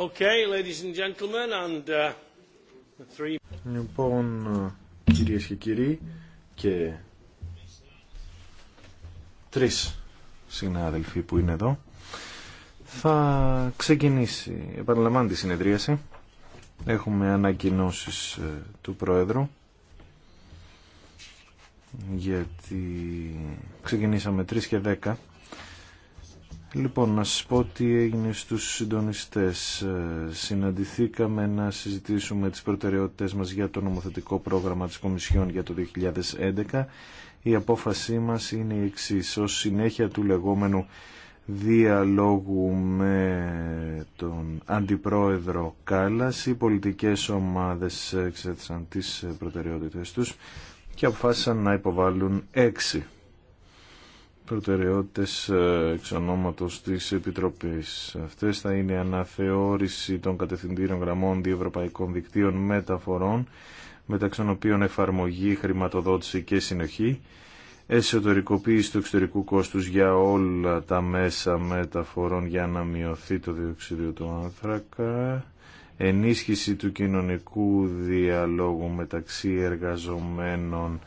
Uh, λοιπόν, κυρίες και κύριοι, και τρεις συνάδελφοι που είναι εδώ, θα ξεκινήσει, επαναλαμβάνει τη συνεδρίαση. Έχουμε ανακοινώσεις ε, του Πρόεδρου, γιατί ξεκινήσαμε τρεις και δέκα. Λοιπόν, να σας πω τι έγινε στους συντονιστές. Ε, συναντηθήκαμε να συζητήσουμε τις προτεραιότητες μας για το νομοθετικό πρόγραμμα της Κομισιόν για το 2011. Η απόφασή μας είναι η εξής. Ως συνέχεια του λεγόμενου διαλόγου με τον Αντιπρόεδρο Κάλλας, οι πολιτικές ομάδες εξέθεσαν τις προτεραιότητες τους και αποφάσισαν να υποβάλουν έξι προτεραιότητες ε, εξ ονόματος της Επιτροπής. Αυτές θα είναι αναθεώρηση των κατευθυντήριων γραμμών διευρωπαϊκών δικτύων μεταφορών, μεταξύ των οποίων εφαρμογή, χρηματοδότηση και συνοχή, εσωτερικοποίηση του εξωτερικού κόστους για όλα τα μέσα μεταφορών για να μειωθεί το διοξίδιο του άνθρακα, ενίσχυση του κοινωνικού διαλόγου μεταξύ εργαζομένων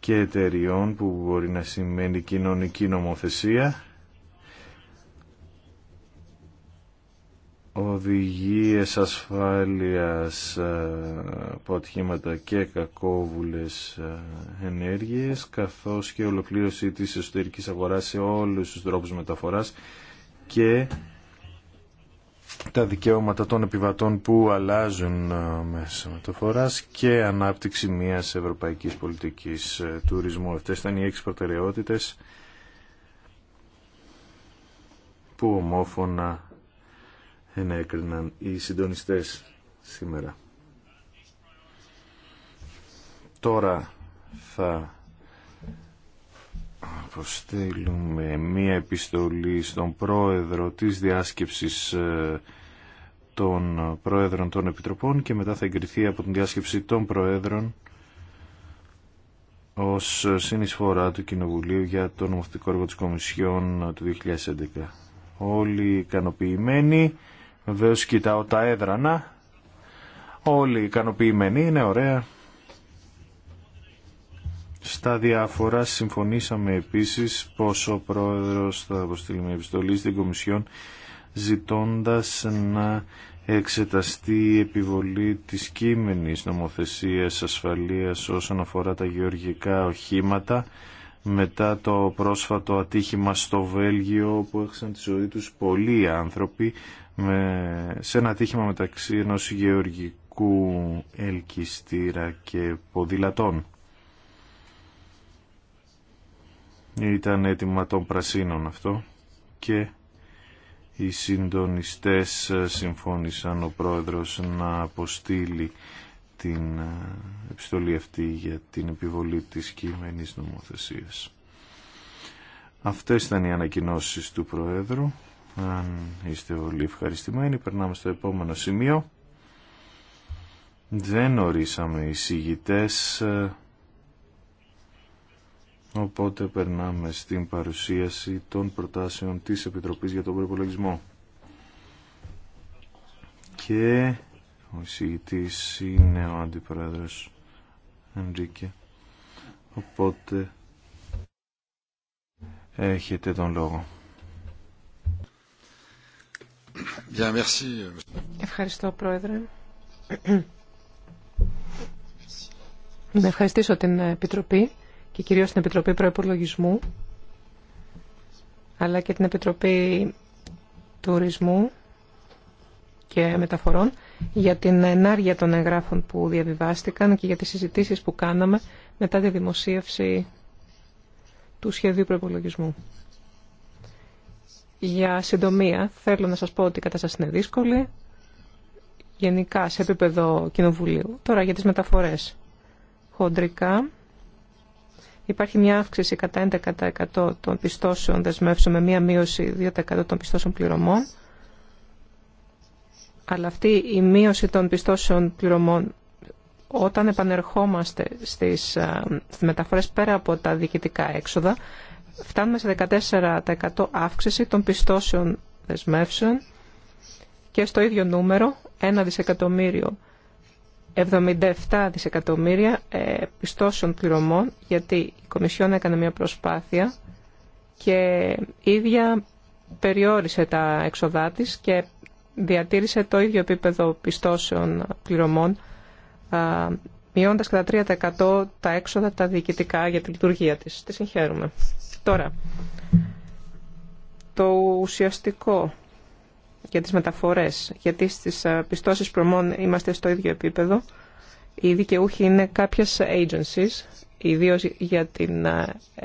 και εταιριών που μπορεί να σημαίνει κοινωνική νομοθεσία οδηγίες ασφάλειας ε, από ατυχήματα και κακόβουλες ε, ενέργειες καθώς και ολοκλήρωση της εσωτερικής αγοράς σε όλους τους τρόπους μεταφοράς και τα δικαιώματα των επιβατών που αλλάζουν μέσα ε, μεταφοράς και ανάπτυξη μιας ευρωπαϊκής πολιτικής ε, τουρισμού. Αυτές ήταν οι έξι προτεραιότητες που ομόφωνα ενέκριναν οι συντονιστές σήμερα. Τώρα θα αποστέλουμε μία επιστολή στον πρόεδρο της διάσκεψης ε, των πρόεδρων των επιτροπών και μετά θα εγκριθεί από την διάσκεψη των πρόεδρων ως συνεισφορά του Κοινοβουλίου για το νομοθετικό έργο της Κομισιόν του 2011. Όλοι ικανοποιημένοι, βεβαίω κοιτάω τα έδρανα, όλοι ικανοποιημένοι, είναι ωραία. Στα διάφορα συμφωνήσαμε επίσης πως ο Πρόεδρος θα αποστείλει μια επιστολή στην Κομισιόν ζητώντας να εξεταστεί η επιβολή της κείμενης νομοθεσίας ασφαλείας όσον αφορά τα γεωργικά οχήματα μετά το πρόσφατο ατύχημα στο Βέλγιο που έχασαν τη ζωή τους πολλοί άνθρωποι με, σε ένα ατύχημα μεταξύ ενός γεωργικού ελκυστήρα και ποδηλατών. Ήταν έτοιμα των πρασίνων αυτό και οι συντονιστές ε, συμφώνησαν ο πρόεδρος να αποστείλει την ε, επιστολή αυτή για την επιβολή της κείμενης νομοθεσίας. Αυτές ήταν οι ανακοινώσεις του Προέδρου. Αν είστε όλοι ευχαριστημένοι, περνάμε στο επόμενο σημείο. Δεν ορίσαμε εισηγητές ε, Οπότε περνάμε στην παρουσίαση των προτάσεων της Επιτροπής για τον Προπολογισμό. Και ο εισηγητής είναι ο Αντιπρόεδρος Ενρίκε. Οπότε έχετε τον λόγο. Ευχαριστώ Πρόεδρε. Να ευχαριστήσω την Επιτροπή και κυρίως την Επιτροπή Προϋπολογισμού αλλά και την Επιτροπή Τουρισμού και Μεταφορών για την ενάργεια των εγγράφων που διαβιβάστηκαν και για τις συζητήσεις που κάναμε μετά τη δημοσίευση του σχεδίου Προϋπολογισμού. Για συντομία, θέλω να σας πω ότι η κατάσταση είναι δύσκολη, γενικά σε επίπεδο κοινοβουλίου. Τώρα για τις μεταφορές. Χοντρικά, Υπάρχει μια αύξηση κατά 11% των πιστώσεων δεσμεύσεων με μια μείωση 2% των πιστώσεων πληρωμών. Αλλά αυτή η μείωση των πιστώσεων πληρωμών όταν επανερχόμαστε στις, στις μεταφορές πέρα από τα διοικητικά έξοδα φτάνουμε σε 14% αύξηση των πιστώσεων δεσμεύσεων και στο ίδιο νούμερο 1 δισεκατομμύριο 77 δισεκατομμύρια ε, πιστώσεων πληρωμών γιατί η Κομισιόν έκανε μια προσπάθεια και ίδια περιόρισε τα έξοδά της και διατήρησε το ίδιο επίπεδο πιστώσεων πληρωμών μειώντας κατά 3% τα έξοδα τα διοικητικά για τη λειτουργία της. Τη συγχαίρουμε. Τώρα, το ουσιαστικό για τις μεταφορές, γιατί στις ε, πιστώσεις προμών είμαστε στο ίδιο επίπεδο. Οι δικαιούχοι είναι κάποιες agencies, ιδίω για την ε,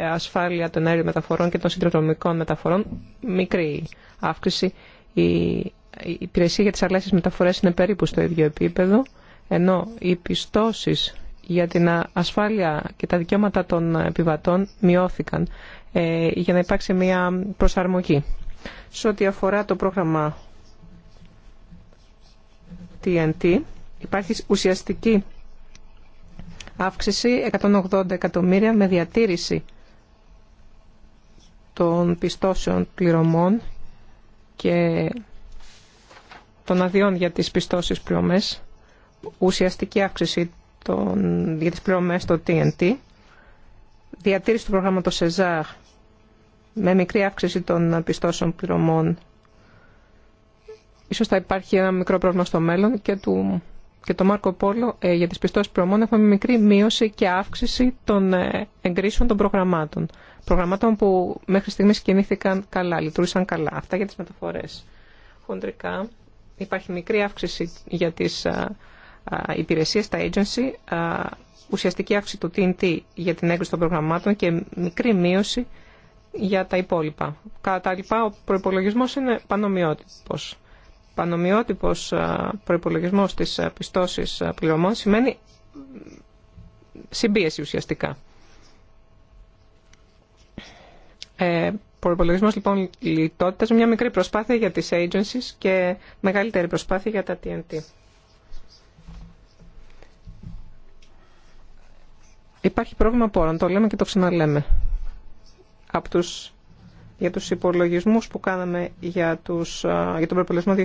ασφάλεια των αέριων μεταφορών και των συντροφικών μεταφορών, μικρή αύξηση. Η υπηρεσία για τις αλλαίσεις μεταφορές είναι περίπου στο ίδιο επίπεδο, ενώ οι πιστώσεις για την ε, ασφάλεια και τα δικαιώματα των επιβατών μειώθηκαν για να υπάρξει μια προσαρμογή. Σε ό,τι αφορά το πρόγραμμα TNT, υπάρχει ουσιαστική αύξηση 180 εκατομμύρια με διατήρηση των πιστώσεων πληρωμών και των αδειών για τις πιστώσεις πληρωμές, ουσιαστική αύξηση για τις πληρωμές στο TNT, διατήρηση του προγράμματος ΣΕΖΑΡ με μικρή αύξηση των πιστώσεων πληρωμών. Ίσως θα υπάρχει ένα μικρό πρόβλημα στο μέλλον και, του, και το Μάρκο Πόλο ε, για τις πιστώσεις πληρωμών έχουμε μικρή μείωση και αύξηση των ε, εγκρίσεων των προγραμμάτων. Προγραμμάτων που μέχρι στιγμής κινήθηκαν καλά, λειτουργήσαν καλά. Αυτά για τις μεταφορές. Χοντρικά υπάρχει μικρή αύξηση για τις α, ε, υπηρεσίες, τα agency, ουσιαστική αύξηση του TNT για την έγκριση των προγραμμάτων και μικρή μείωση για τα υπόλοιπα. Κατά τα λοιπά, ο προπολογισμό είναι πανομοιότυπο. Πανομοιότυπο ε, προπολογισμό της ε, πιστώση ε, πληρωμών σημαίνει συμπίεση ουσιαστικά. Ε, Προπολογισμό λοιπόν λιτότητα, μια μικρή προσπάθεια για τις agencies και μεγαλύτερη προσπάθεια για τα TNT. Υπάρχει πρόβλημα πόρων, το λέμε και το ξαναλέμε από τους, για τους υπολογισμούς που κάναμε για, τους, για τον προπολογισμό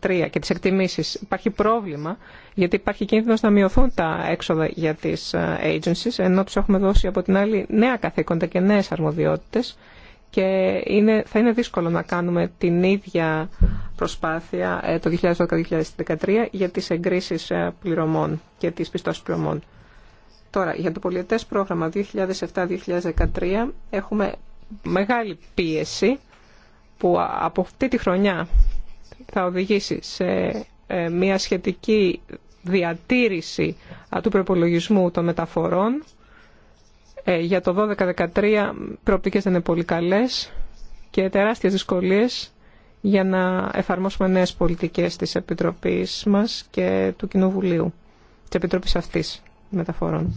2012-2013 και τις εκτιμήσεις. Υπάρχει πρόβλημα γιατί υπάρχει κίνδυνος να μειωθούν τα έξοδα για τις agencies ενώ τους έχουμε δώσει από την άλλη νέα καθήκοντα και νέες αρμοδιότητες και είναι, θα είναι δύσκολο να κάνουμε την ίδια προσπάθεια ε, το 2012-2013 για τις εγκρίσεις ε, πληρωμών και τις πιστώσεις πληρωμών. Τώρα, για το πολιετές πρόγραμμα 2007-2013 έχουμε μεγάλη πίεση που από αυτή τη χρονιά θα οδηγήσει σε ε, μια σχετική διατήρηση του προπολογισμού των μεταφορών. Ε, για το 12-13 προοπτικές δεν είναι πολύ καλές και τεράστιες δυσκολίες για να εφαρμόσουμε νέες πολιτικές της Επιτροπής μας και του Κοινοβουλίου, της Επιτροπής αυτής μεταφορών.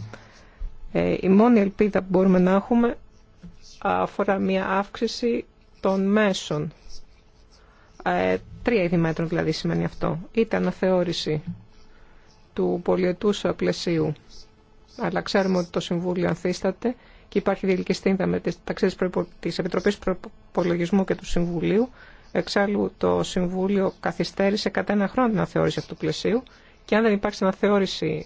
Ε, η μόνη ελπίδα που μπορούμε να έχουμε αφορά μια αύξηση των μέσων. Ε, τρία είδη μέτρων δηλαδή σημαίνει αυτό. Είτε αναθεώρηση του πολιετούς πλαισίου, αλλά ξέρουμε ότι το Συμβούλιο ανθίσταται και υπάρχει διελκυστίνδα με τις ταξίδες της Επιτροπής Προπολογισμού και του Συμβουλίου. Εξάλλου το Συμβούλιο καθυστέρησε κατά ένα χρόνο την αναθεώρηση αυτού του πλαισίου και αν δεν υπάρξει αναθεώρηση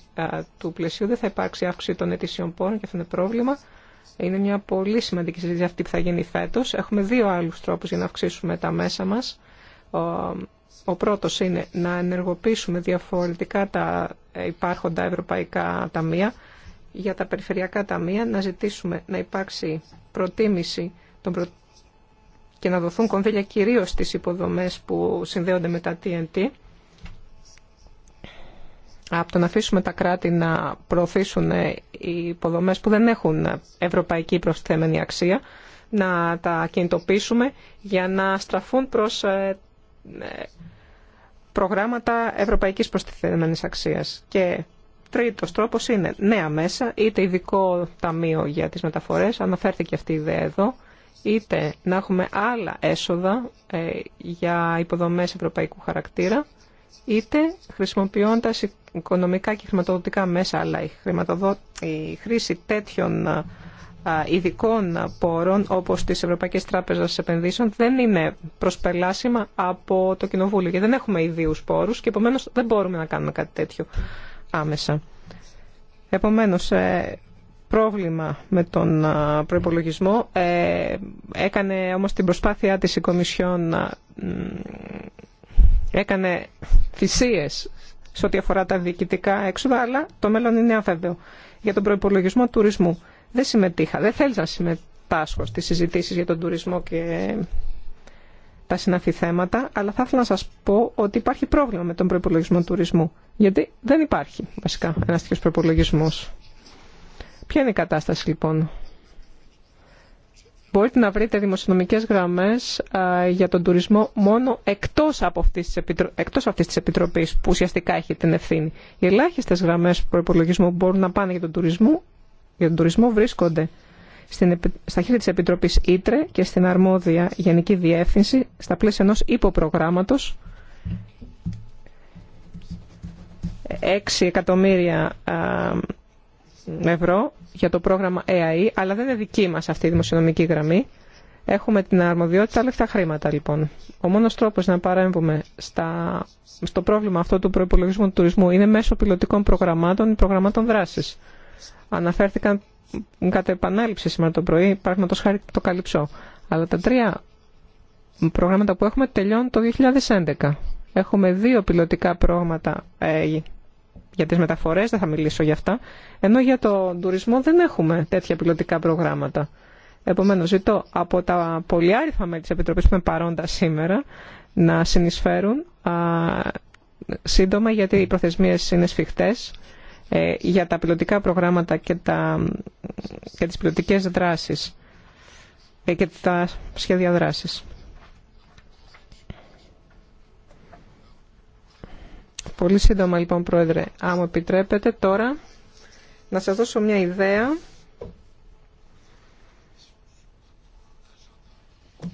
του πλαισίου, δεν θα υπάρξει αύξηση των αιτησιών πόρων και αυτό είναι πρόβλημα. Είναι μια πολύ σημαντική συζήτηση αυτή που θα γίνει φέτο. Έχουμε δύο άλλου τρόπου για να αυξήσουμε τα μέσα μα. Ο πρώτο είναι να ενεργοποιήσουμε διαφορετικά τα υπάρχοντα ευρωπαϊκά ταμεία. Για τα περιφερειακά ταμεία να ζητήσουμε να υπάρξει προτίμηση και να δοθούν κονδύλια κυρίω στι υποδομέ που συνδέονται με τα TNT από το να αφήσουμε τα κράτη να προωθήσουν ε, οι υποδομές που δεν έχουν ευρωπαϊκή προσθέμενη αξία, να τα κινητοποιήσουμε για να στραφούν προς ε, ε, προγράμματα ευρωπαϊκής προστιθέμενης αξίας. Και τρίτος τρόπος είναι νέα μέσα, είτε ειδικό ταμείο για τις μεταφορές, αναφέρθηκε αυτή η ιδέα εδώ, είτε να έχουμε άλλα έσοδα για υποδομές ευρωπαϊκού χαρακτήρα, είτε χρησιμοποιώντας οικονομικά και χρηματοδοτικά μέσα, αλλά η, χρηματοδο... η χρήση τέτοιων ειδικών πόρων όπως τις Ευρωπαϊκές Τράπεζες Επενδύσεων δεν είναι προσπελάσιμα από το Κοινοβούλιο γιατί δεν έχουμε ιδίους πόρους και επομένως δεν μπορούμε να κάνουμε κάτι τέτοιο άμεσα. Επομένως, ε, πρόβλημα με τον προϋπολογισμό ε, έκανε όμως την προσπάθειά της η Κομισιόν έκανε θυσίε σε ό,τι αφορά τα διοικητικά έξοδα, αλλά το μέλλον είναι αβέβαιο. Για τον προπολογισμό τουρισμού. Δεν συμμετείχα, δεν θέλησα να συμμετάσχω στις συζητήσει για τον τουρισμό και τα συναφή θέματα, αλλά θα ήθελα να σας πω ότι υπάρχει πρόβλημα με τον προπολογισμό τουρισμού. Γιατί δεν υπάρχει βασικά ένα τέτοιο προπολογισμό. Ποια είναι η κατάσταση λοιπόν. Μπορείτε να βρείτε δημοσιονομικές γραμμές για τον τουρισμό μόνο εκτός, από αυτής της Επιτροπής που ουσιαστικά έχει την ευθύνη. Οι ελάχιστες γραμμές προπολογισμού που μπορούν να πάνε για τον τουρισμό, για τον τουρισμό βρίσκονται στην, στα χέρια της Επιτροπής Ήτρε και στην αρμόδια Γενική Διεύθυνση στα πλαίσια ενός υποπρογράμματος 6 εκατομμύρια ευρώ για το πρόγραμμα ΕΑΗ, αλλά δεν είναι δική μας αυτή η δημοσιονομική γραμμή. Έχουμε την αρμοδιότητα, αλλά χρήματα λοιπόν. Ο μόνος τρόπος να παρέμβουμε στα, στο πρόβλημα αυτό του προπολογισμού του τουρισμού είναι μέσω πιλωτικών προγραμμάτων ή προγραμμάτων δράσης. Αναφέρθηκαν κατά επανάληψη σήμερα το πρωί, πράγματος χάρη το καλυψώ. Αλλά τα τρία προγράμματα που έχουμε τελειώνουν το 2011. Έχουμε δύο πιλωτικά πρόγραμματα ε, για τις μεταφορές, δεν θα μιλήσω για αυτά, ενώ για τον τουρισμό δεν έχουμε τέτοια πιλωτικά προγράμματα. Επομένως, ζητώ από τα πολυάριθμα μέλη της Επιτροπής που είναι παρόντα σήμερα να συνεισφέρουν α, σύντομα, γιατί οι προθεσμίες είναι σφιχτές, ε, για τα πιλωτικά προγράμματα και, τα, και τις πιλωτικές δράσεις ε, και τα σχέδια δράσης. Πολύ σύντομα λοιπόν πρόεδρε, άμα επιτρέπετε τώρα να σας δώσω μια ιδέα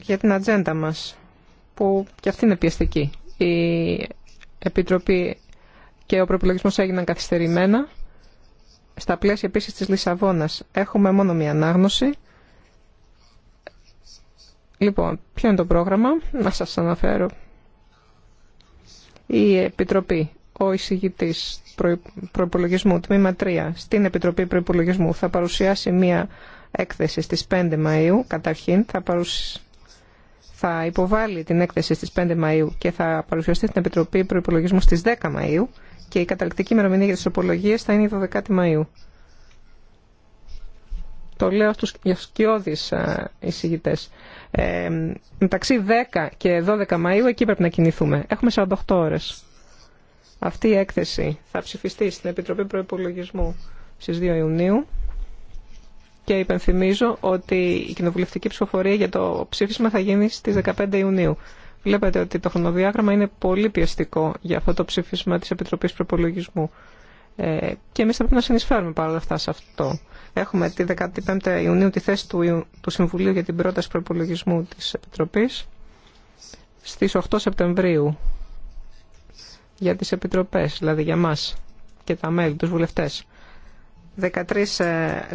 για την ατζέντα μας, που και αυτή είναι πιεστική. Η Επιτροπή και ο προπολογισμό έγιναν καθυστερημένα. Στα πλαίσια επίσης της Λισαβόνας έχουμε μόνο μια ανάγνωση. Λοιπόν, ποιο είναι το πρόγραμμα, να σας αναφέρω η Επιτροπή, ο εισηγητή προπολογισμού, τμήμα 3, στην Επιτροπή Προπολογισμού θα παρουσιάσει μία έκθεση στις 5 Μαΐου. Καταρχήν θα, θα υποβάλει την έκθεση στις 5 Μαΐου και θα παρουσιαστεί στην Επιτροπή Προπολογισμού στις 10 Μαΐου και η καταληκτική ημερομηνία για τις οπολογίες θα είναι η 12 Μαΐου. Το λέω στους σκιώδεις ε, εισηγητές. Ε, μεταξύ 10 και 12 Μαΐου εκεί πρέπει να κινηθούμε. Έχουμε 48 ώρες. Αυτή η έκθεση θα ψηφιστεί στην Επιτροπή Προϋπολογισμού στις 2 Ιουνίου και υπενθυμίζω ότι η κοινοβουλευτική ψηφοφορία για το ψήφισμα θα γίνει στις 15 Ιουνίου. Βλέπετε ότι το χρονοδιάγραμμα είναι πολύ πιεστικό για αυτό το ψήφισμα της Επιτροπής Προπολογισμού. Ε, και εμεί θα πρέπει να συνεισφέρουμε παρόλα αυτά σε αυτό. Έχουμε τη 15η Ιουνίου τη θέση του, του Συμβουλίου για την πρόταση προπολογισμού τη Επιτροπής στι 8 Σεπτεμβρίου για τι επιτροπέ, δηλαδή για εμά και τα μέλη, του βουλευτέ, 13 ε,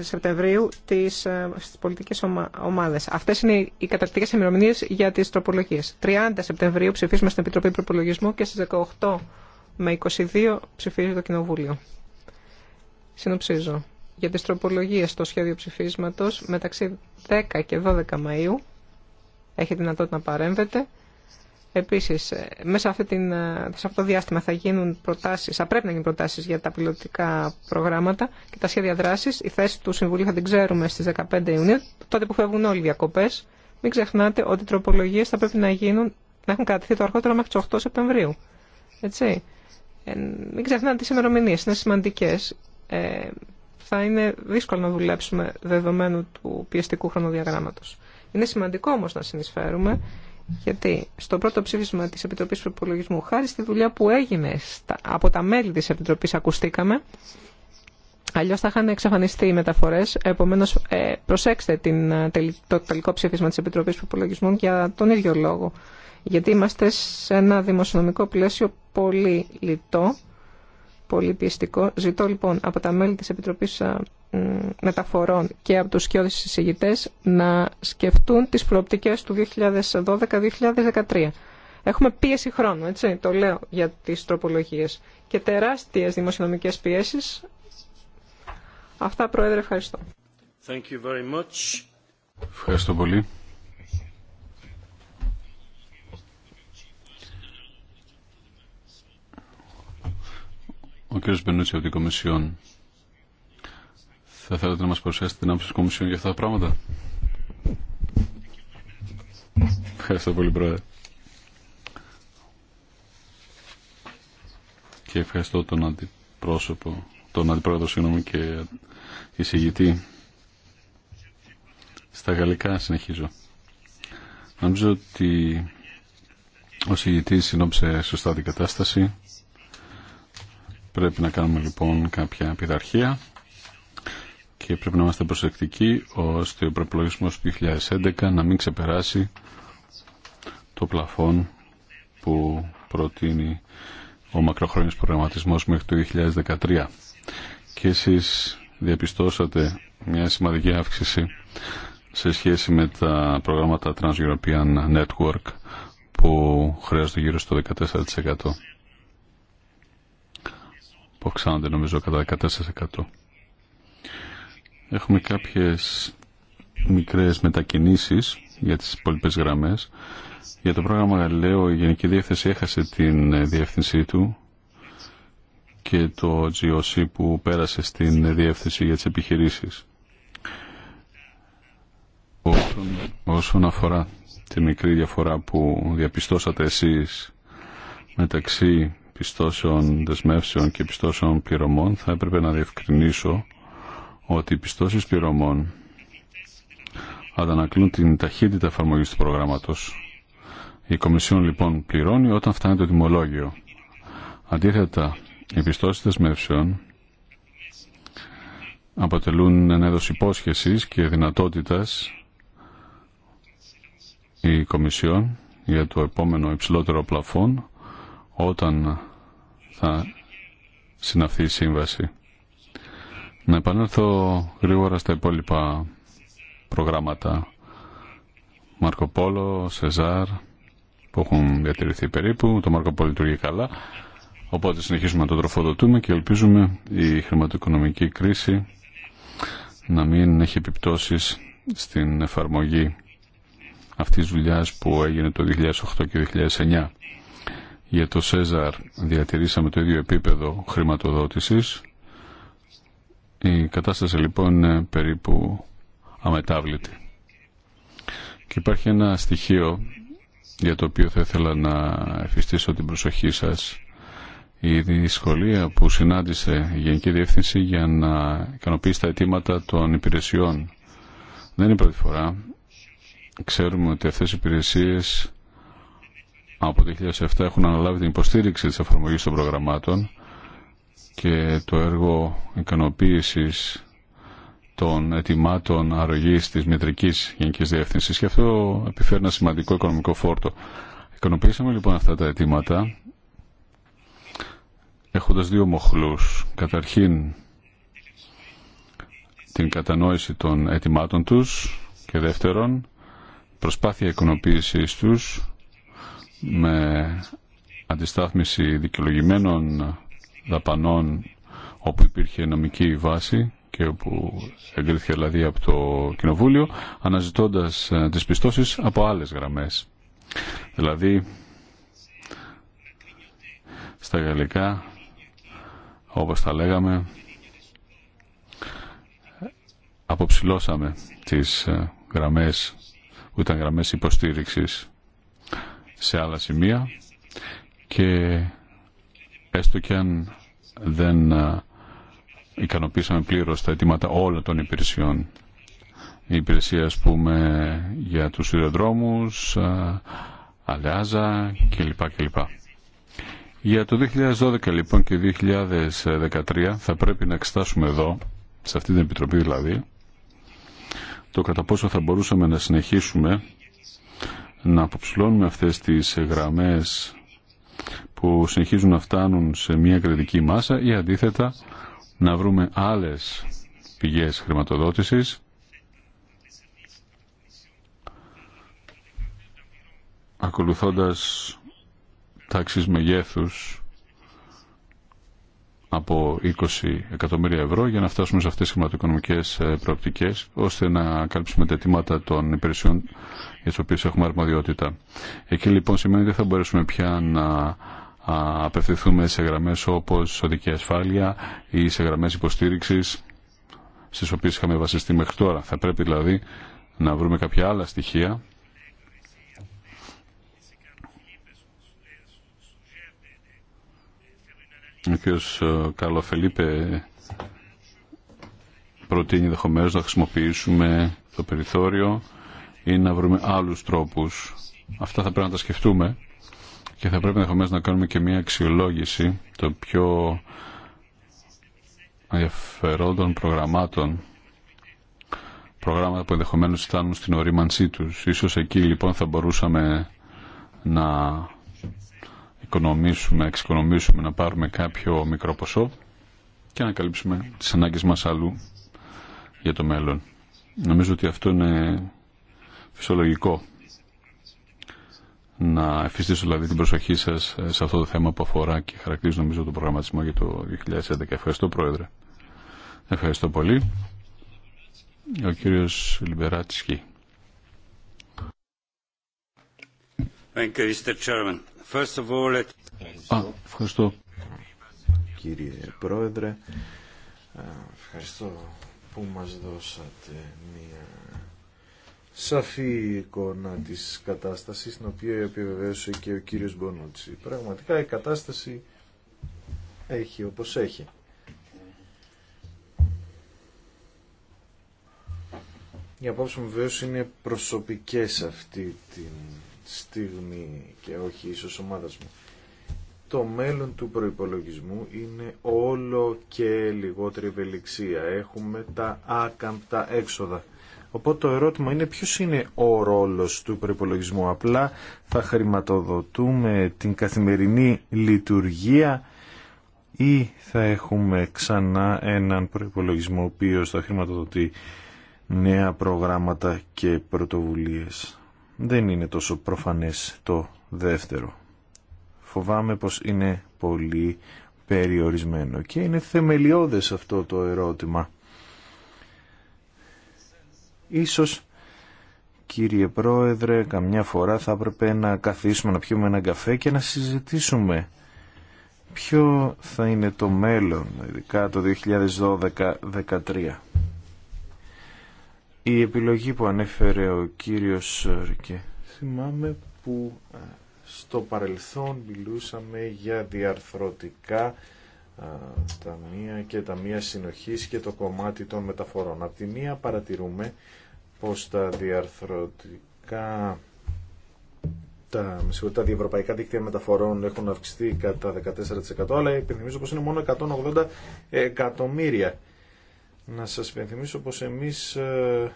Σεπτεμβρίου τις, ε, στις πολιτικές Αυτέ ομάδες. Αυτές είναι οι καταρτικέ ημερομηνίες για τις τροπολογίες. 30 Σεπτεμβρίου ψηφίσουμε στην Επιτροπή Προπολογισμού και στις 18 με 22 ψηφίζει το Κοινοβούλιο. Συνοψίζω. Για τις τροπολογίες στο σχέδιο ψηφίσματος μεταξύ 10 και 12 Μαΐου έχει δυνατότητα να παρέμβετε. Επίσης, ε, μέσα αυτή την, ε, σε αυτό το διάστημα θα γίνουν προτάσεις, θα πρέπει να γίνουν προτάσεις για τα πιλωτικά προγράμματα και τα σχέδια δράσης. Η θέση του Συμβουλίου θα την ξέρουμε στις 15 Ιουνίου, τότε που φεύγουν όλοι οι διακοπές. Μην ξεχνάτε ότι οι τροπολογίες θα πρέπει να, γίνουν, να έχουν κρατηθεί το αρχότερο μέχρι τις 8 Σεπτεμβρίου. Έτσι. Ε, μην ξεχνάτε τις ημερομηνίε, είναι σημαντικές. Ε, θα είναι δύσκολο να δουλέψουμε δεδομένου του πιεστικού χρονοδιαγράμματος. Είναι σημαντικό όμως να συνεισφέρουμε, γιατί στο πρώτο ψήφισμα της Επιτροπής Προπολογισμού, χάρη στη δουλειά που έγινε από τα μέλη της Επιτροπής, ακουστήκαμε, Αλλιώ θα είχαν εξαφανιστεί οι μεταφορές, επομένως ε, προσέξτε την, ε, το τελικό ψήφισμα τη Επιτροπή Προπολογισμών για τον ίδιο λόγο γιατί είμαστε σε ένα δημοσιονομικό πλαίσιο πολύ λιτό, πολύ πιεστικό. Ζητώ λοιπόν από τα μέλη της Επιτροπής Μεταφορών και από τους σκιώδεις συζητητές να σκεφτούν τις προοπτικές του 2012-2013. Έχουμε πίεση χρόνου, έτσι, το λέω για τις τροπολογίες και τεράστιες δημοσιονομικές πιέσεις. Αυτά, Πρόεδρε, ευχαριστώ. Ευχαριστώ πολύ. Ο κ. Μπενούτσι από την Κομισιόν. Θα θέλατε να μας παρουσιάσετε την άποψη της Κομισιόν για αυτά τα πράγματα. Ευχαριστώ πολύ, Πρόεδρε. Και ευχαριστώ τον αντιπρόσωπο, τον αντιπρόεδρο, συγγνώμη, και εισηγητή. Στα γαλλικά συνεχίζω. Νομίζω ότι ο συγγητής συνόψε σωστά την κατάσταση Πρέπει να κάνουμε λοιπόν κάποια πειθαρχία και πρέπει να είμαστε προσεκτικοί ώστε ο προπολογισμό του 2011 να μην ξεπεράσει το πλαφόν που προτείνει ο μακροχρόνιος προγραμματισμός μέχρι το 2013. Και εσείς διαπιστώσατε μια σημαντική αύξηση σε σχέση με τα προγράμματα Trans-European Network που χρειάζονται γύρω στο 14% που αυξάνονται νομίζω κατά 14%. Έχουμε κάποιες μικρές μετακινήσεις για τις υπόλοιπε γραμμές. Για το πρόγραμμα λέω, η Γενική Διεύθυνση έχασε την διεύθυνσή του και το GOC που πέρασε στην διεύθυνση για τις επιχειρήσεις. Όσον, όσον αφορά τη μικρή διαφορά που διαπιστώσατε εσείς μεταξύ πιστώσεων δεσμεύσεων και πιστώσεων πληρωμών θα έπρεπε να διευκρινίσω ότι οι πιστώσεις πληρωμών αντανακλούν την ταχύτητα εφαρμογής του προγράμματος. Η Κομισιόν λοιπόν πληρώνει όταν φτάνει το τιμολόγιο. Αντίθετα, οι πιστώσεις δεσμεύσεων αποτελούν ένα έδος υπόσχεσης και δυνατότητας η Κομισιόν για το επόμενο υψηλότερο πλαφόν όταν θα συναυθεί η σύμβαση. Να επανέλθω γρήγορα στα υπόλοιπα προγράμματα. Μάρκο Πόλο, Σεζάρ, που έχουν διατηρηθεί περίπου. Το Μάρκο Πόλο λειτουργεί καλά. Οπότε συνεχίζουμε να το τροφοδοτούμε και ελπίζουμε η χρηματοοικονομική κρίση να μην έχει επιπτώσεις στην εφαρμογή αυτής της δουλειάς που έγινε το 2008 και 2009. Για το ΣΕΖΑΡ διατηρήσαμε το ίδιο επίπεδο χρηματοδότησης. Η κατάσταση λοιπόν είναι περίπου αμετάβλητη. Και υπάρχει ένα στοιχείο για το οποίο θα ήθελα να εφιστήσω την προσοχή σας. Η δυσκολία που συνάντησε η Γενική Διεύθυνση για να ικανοποιήσει τα αιτήματα των υπηρεσιών δεν είναι πρώτη φορά. Ξέρουμε ότι αυτές οι υπηρεσίες από το 2007 έχουν αναλάβει την υποστήριξη της εφαρμογής των προγραμμάτων και το έργο ικανοποίηση των ετοιμάτων αρρωγής της Μητρικής Γενικής Διεύθυνσης και αυτό επιφέρει ένα σημαντικό οικονομικό φόρτο. Ικανοποίησαμε λοιπόν αυτά τα αιτήματα έχοντας δύο μοχλούς. Καταρχήν την κατανόηση των αιτημάτων τους και δεύτερον προσπάθεια ικανοποίησης τους με αντιστάθμιση δικαιολογημένων δαπανών όπου υπήρχε νομική βάση και όπου εγκρίθηκε δηλαδή από το Κοινοβούλιο αναζητώντας ε, τις πιστώσεις από άλλες γραμμές. Δηλαδή στα γαλλικά όπως τα λέγαμε αποψηλώσαμε τις ε, γραμμές που ήταν γραμμές υποστήριξης σε άλλα σημεία και έστω και αν δεν ικανοποίησαμε πλήρως τα αιτήματα όλων των υπηρεσιών. Η υπηρεσία, ας πούμε, για τους ιδεοδρόμους αλεάζα κλπ. κλπ. Για το 2012 λοιπόν και 2013 θα πρέπει να εξετάσουμε εδώ, σε αυτή την Επιτροπή δηλαδή, το κατά πόσο θα μπορούσαμε να συνεχίσουμε να αποψηλώνουμε αυτές τις γραμμές που συνεχίζουν να φτάνουν σε μια κριτική μάσα ή αντίθετα να βρούμε άλλες πηγές χρηματοδότησης ακολουθώντας τάξεις μεγέθους από 20 εκατομμύρια ευρώ για να φτάσουμε σε αυτές τις χρηματοοικονομικές ε, προοπτικές ώστε να καλύψουμε τα αιτήματα των υπηρεσιών για τις οποίες έχουμε αρμοδιότητα. Εκεί λοιπόν σημαίνει ότι θα μπορέσουμε πια να απευθυνθούμε σε γραμμές όπως οδική ασφάλεια ή σε γραμμές υποστήριξης στις οποίες είχαμε βασιστεί μέχρι τώρα. Θα πρέπει δηλαδή να βρούμε κάποια άλλα στοιχεία Ο κ. Ε, Καλοφελίπε προτείνει δεχομένω να χρησιμοποιήσουμε το περιθώριο ή να βρούμε άλλους τρόπους. Αυτά θα πρέπει να τα σκεφτούμε και θα πρέπει ενδεχομένω να κάνουμε και μια αξιολόγηση των πιο ενδιαφερόντων προγραμμάτων προγράμματα που ενδεχομένως φτάνουν στην ορίμανσή τους. Ίσως εκεί λοιπόν θα μπορούσαμε να οικονομήσουμε, εξοικονομήσουμε, να πάρουμε κάποιο μικρό ποσό και να καλύψουμε τις ανάγκες μας αλλού για το μέλλον. Νομίζω ότι αυτό είναι φυσιολογικό να εφιστήσω δηλαδή την προσοχή σας ε, σε αυτό το θέμα που αφορά και χαρακτηρίζει νομίζω το προγραμματισμό για το 2011. Ευχαριστώ Πρόεδρε. Ευχαριστώ πολύ. Ο κύριος Λιμπεράτσικη. Mr. Chairman ευχαριστώ. Κύριε Πρόεδρε, ευχαριστώ που μας δώσατε μία σαφή εικόνα της κατάστασης την οποία επιβεβαίωσε και ο κύριος Μπονούτσι. Πραγματικά η κατάσταση έχει όπως έχει. Οι απόψεις μου βεβαίως είναι προσωπικές αυτή την στιγμή και όχι ίσως ομάδας μου. Το μέλλον του προϋπολογισμού είναι όλο και λιγότερη ευελιξία. Έχουμε τα άκαμπτα έξοδα. Οπότε το ερώτημα είναι ποιος είναι ο ρόλος του προϋπολογισμού. Απλά θα χρηματοδοτούμε την καθημερινή λειτουργία ή θα έχουμε ξανά έναν προϋπολογισμό ο οποίος θα χρηματοδοτεί νέα προγράμματα και πρωτοβουλίες δεν είναι τόσο προφανές το δεύτερο. Φοβάμαι πως είναι πολύ περιορισμένο και είναι θεμελιώδες αυτό το ερώτημα. Ίσως, κύριε Πρόεδρε, καμιά φορά θα έπρεπε να καθίσουμε να πιούμε έναν καφέ και να συζητήσουμε ποιο θα είναι το μέλλον, ειδικά το 2012-2013. Η επιλογή που ανέφερε ο κύριος Ρικέ. Θυμάμαι που ε, στο παρελθόν μιλούσαμε για διαρθρωτικά ε, ταμεία και ταμεία συνοχής και το κομμάτι των μεταφορών. Απ' τη μία παρατηρούμε πως τα διαρθρωτικά τα, τα διευρωπαϊκά δίκτυα μεταφορών έχουν αυξηθεί κατά 14% αλλά υπενθυμίζω πως είναι μόνο 180 εκατομμύρια να σας υπενθυμίσω πως εμείς ε,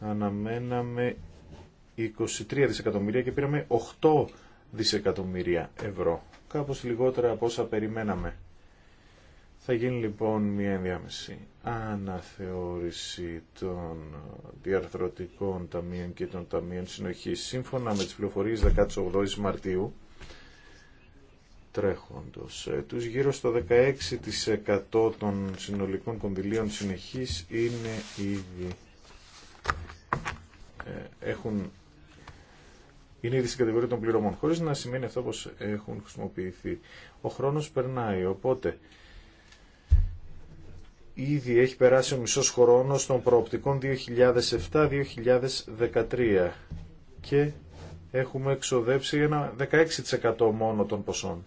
αναμέναμε 23 δισεκατομμύρια και πήραμε 8 δισεκατομμύρια ευρώ. Κάπως λιγότερα από όσα περιμέναμε. Θα γίνει λοιπόν μια ενδιάμεση αναθεώρηση των διαρθρωτικών ταμείων και των ταμείων συνοχής. Σύμφωνα με τις πληροφορίες 18 Μαρτίου, τρέχοντος τους Γύρω στο 16% των συνολικών κονδυλίων συνεχής είναι ήδη ε, έχουν είναι ήδη στην κατηγορία των πληρωμών, χωρίς να σημαίνει αυτό πως έχουν χρησιμοποιηθεί. Ο χρόνος περνάει, οπότε ήδη έχει περάσει ο μισός χρόνος των προοπτικών 2007-2013 και έχουμε εξοδέψει ένα 16% μόνο των ποσών.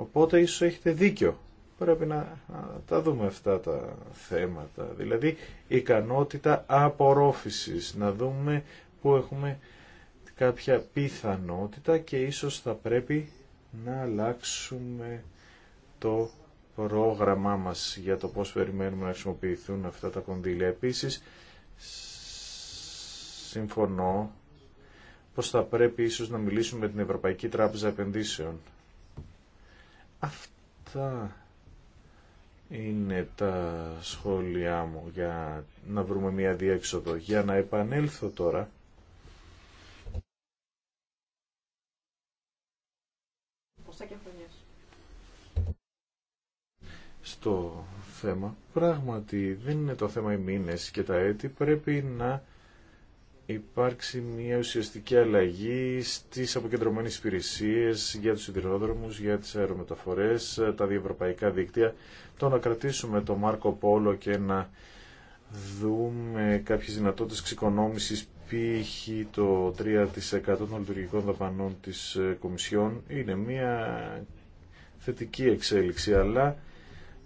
Οπότε ίσως έχετε δίκιο. Πρέπει να τα δούμε αυτά τα θέματα. Δηλαδή ικανότητα απορρόφησης. Να δούμε που έχουμε κάποια πιθανότητα και ίσως θα πρέπει να αλλάξουμε το πρόγραμμά μας για το πώς περιμένουμε να χρησιμοποιηθούν αυτά τα κονδύλια. Επίσης, συμφωνώ πως θα πρέπει ίσως να μιλήσουμε με την Ευρωπαϊκή Τράπεζα Επενδύσεων Αυτά είναι τα σχόλιά μου για να βρούμε μια διέξοδο. Για να επανέλθω τώρα στο θέμα. Πράγματι δεν είναι το θέμα οι μήνες και τα έτη. Πρέπει να υπάρξει μια ουσιαστική αλλαγή στις αποκεντρωμένες υπηρεσίες για τους σιδηρόδρομους, για τις αερομεταφορές, τα διευρωπαϊκά δίκτυα. Το να κρατήσουμε το Μάρκο Πόλο και να δούμε κάποιες δυνατότητες ξεκονόμησης π.χ. το 3% των λειτουργικών δαπανών της ε, Κομισιόν είναι μια θετική εξέλιξη, αλλά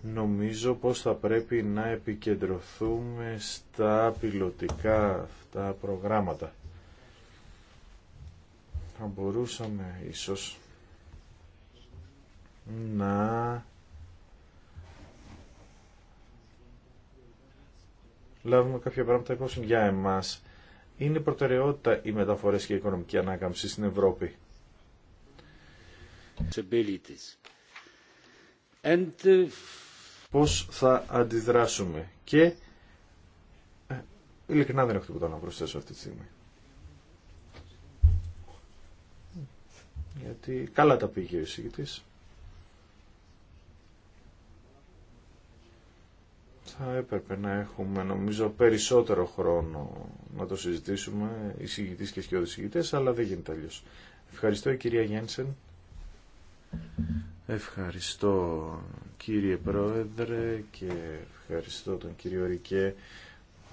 Νομίζω πως θα πρέπει να επικεντρωθούμε στα πιλωτικά αυτά προγράμματα. Θα μπορούσαμε ίσως να λάβουμε κάποια πράγματα υπόψη για εμάς. Είναι προτεραιότητα οι μεταφορές και η οικονομική ανάκαμψη στην Ευρώπη. And ε, πώς θα αντιδράσουμε. Και ε, ειλικρινά δεν έχω τίποτα να προσθέσω αυτή τη στιγμή. Γιατί καλά τα πήγε ο εισηγητής. θα έπρεπε να έχουμε νομίζω περισσότερο χρόνο να το συζητήσουμε εισηγητής και σκιώδης αλλά δεν γίνεται αλλιώς. Ευχαριστώ η κυρία Γένσεν. Ευχαριστώ κύριε Πρόεδρε και ευχαριστώ τον κύριο Ρικέ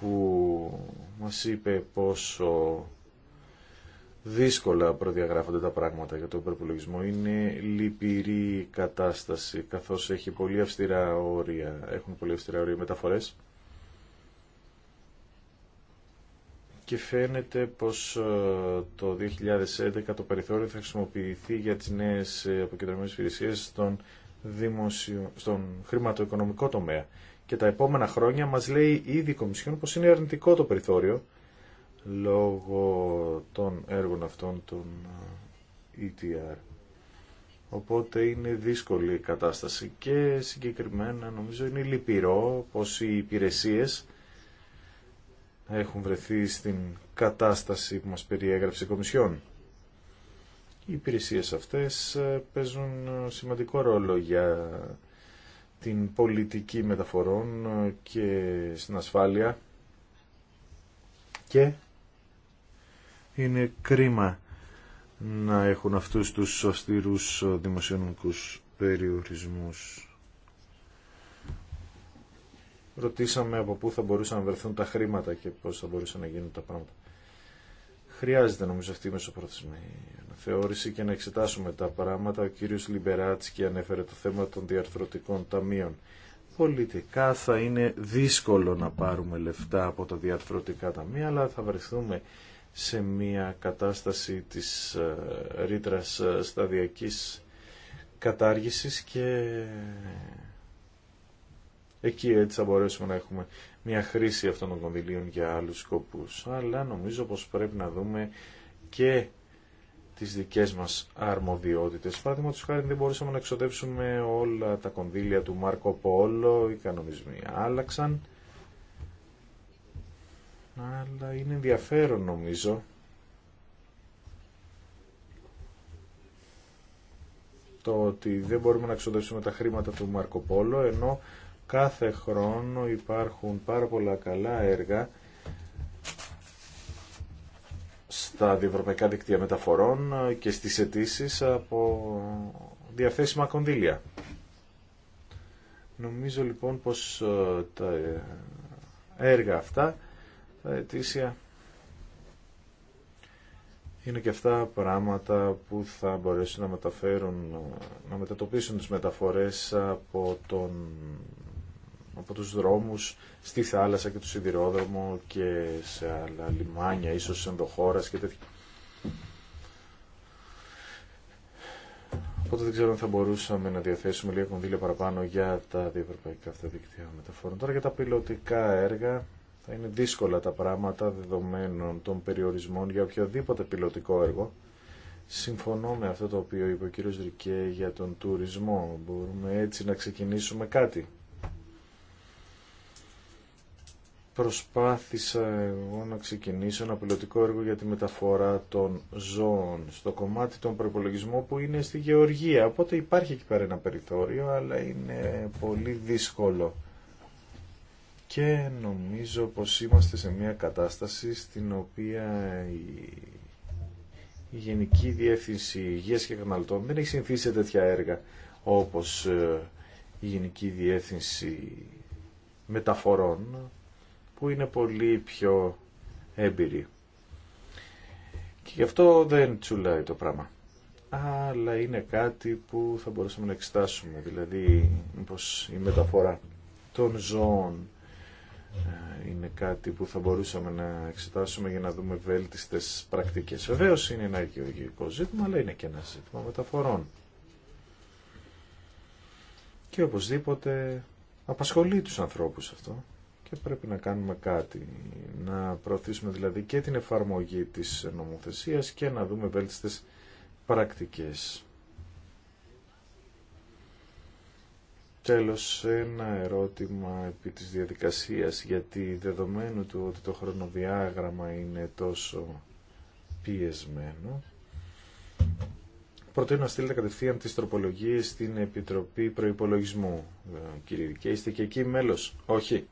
που μας είπε πόσο δύσκολα προδιαγράφονται τα πράγματα για τον προπολογισμό. Είναι λυπηρή κατάσταση καθώς έχει πολύ αυστηρά όρια, έχουν πολύ αυστηρά όρια μεταφορές και φαίνεται πως ε, το 2011 το περιθώριο θα χρησιμοποιηθεί για τις νέες ε, αποκεντρωμένες υπηρεσίες στον, δημοσιο... στον χρηματοοικονομικό τομέα. Και τα επόμενα χρόνια μας λέει ήδη η Κομισιόν πως είναι αρνητικό το περιθώριο λόγω των έργων αυτών των ε, ETR. Οπότε είναι δύσκολη η κατάσταση και συγκεκριμένα νομίζω είναι λυπηρό πως οι υπηρεσίες έχουν βρεθεί στην κατάσταση που μας περιέγραψε η Κομισιόν. Οι υπηρεσίες αυτές ε, παίζουν ε, σημαντικό ρόλο για την πολιτική μεταφορών ε, και στην ασφάλεια και είναι κρίμα να έχουν αυτούς τους αυστηρούς δημοσιονομικούς περιορισμούς ρωτήσαμε από πού θα μπορούσαν να βρεθούν τα χρήματα και πώς θα μπορούσαν να γίνουν τα πράγματα. Χρειάζεται νομίζω αυτή η μεσοπρόθεσμη θεώρηση και να εξετάσουμε τα πράγματα. Ο κύριος Λιμπεράτσκι ανέφερε το θέμα των διαρθρωτικών ταμείων. Πολιτικά θα είναι δύσκολο να πάρουμε λεφτά από τα διαρθρωτικά ταμεία, αλλά θα βρεθούμε σε μια κατάσταση της ε, ρήτρας ε, σταδιακής κατάργησης και Εκεί έτσι θα μπορέσουμε να έχουμε μια χρήση αυτών των κονδυλίων για άλλους σκοπούς. Αλλά νομίζω πως πρέπει να δούμε και τις δικές μας αρμοδιότητες. Παράδειγμα τους χάρη δεν μπορούσαμε να εξοδέψουμε όλα τα κονδύλια του Μάρκο Πόλο, οι κανονισμοί άλλαξαν. Αλλά είναι ενδιαφέρον νομίζω το ότι δεν μπορούμε να εξοδέψουμε τα χρήματα του Πόλο ενώ Κάθε χρόνο υπάρχουν πάρα πολλά καλά έργα στα διευρωπαϊκά δικτύα μεταφορών και στις αιτήσει από διαθέσιμα κονδύλια. Νομίζω λοιπόν πως ε, τα ε, έργα αυτά, τα αιτήσια, είναι και αυτά πράγματα που θα μπορέσουν να μεταφέρουν, ε, να μετατοπίσουν τις μεταφορές από τον από τους δρόμους στη θάλασσα και το σιδηρόδρομο και σε άλλα λιμάνια, ίσως ενδοχώρας και τέτοια. Οπότε δεν ξέρω αν θα μπορούσαμε να διαθέσουμε λίγα κονδύλια παραπάνω για τα διευρωπαϊκά αυτοδίκτυα μεταφορών. Τώρα για τα πιλωτικά έργα θα είναι δύσκολα τα πράγματα δεδομένων των περιορισμών για οποιοδήποτε πιλωτικό έργο. Συμφωνώ με αυτό το οποίο είπε ο κύριος Ρικέ για τον τουρισμό. Μπορούμε έτσι να ξεκινήσουμε κάτι. προσπάθησα εγώ να ξεκινήσω ένα πιλωτικό έργο για τη μεταφορά των ζώων στο κομμάτι των προπολογισμών που είναι στη γεωργία. Οπότε υπάρχει εκεί πέρα ένα περιθώριο, αλλά είναι πολύ δύσκολο. Και νομίζω πως είμαστε σε μια κατάσταση στην οποία η, η Γενική Διεύθυνση Υγείας και Καναλτών δεν έχει συνηθίσει σε τέτοια έργα όπως ε, η Γενική Διεύθυνση Μεταφορών που είναι πολύ πιο έμπειροι. Και γι' αυτό δεν τσουλάει το πράγμα. Αλλά είναι κάτι που θα μπορούσαμε να εξετάσουμε, δηλαδή πως η μεταφορά των ζώων ε, είναι κάτι που θα μπορούσαμε να εξετάσουμε για να δούμε βέλτιστες πρακτικές. Βεβαίω είναι ένα γεωργικό ζήτημα, αλλά είναι και ένα ζήτημα μεταφορών. Και οπωσδήποτε απασχολεί τους ανθρώπους αυτό και πρέπει να κάνουμε κάτι. Να προωθήσουμε δηλαδή και την εφαρμογή της νομοθεσίας και να δούμε βέλτιστες πρακτικές. Τέλος, ένα ερώτημα επί της διαδικασίας, γιατί δεδομένου του ότι το χρονοδιάγραμμα είναι τόσο πιεσμένο, προτείνω να στείλετε κατευθείαν τις τροπολογίες στην Επιτροπή Προϋπολογισμού. Ε, κύριε Δικέ, είστε και εκεί μέλος. Όχι.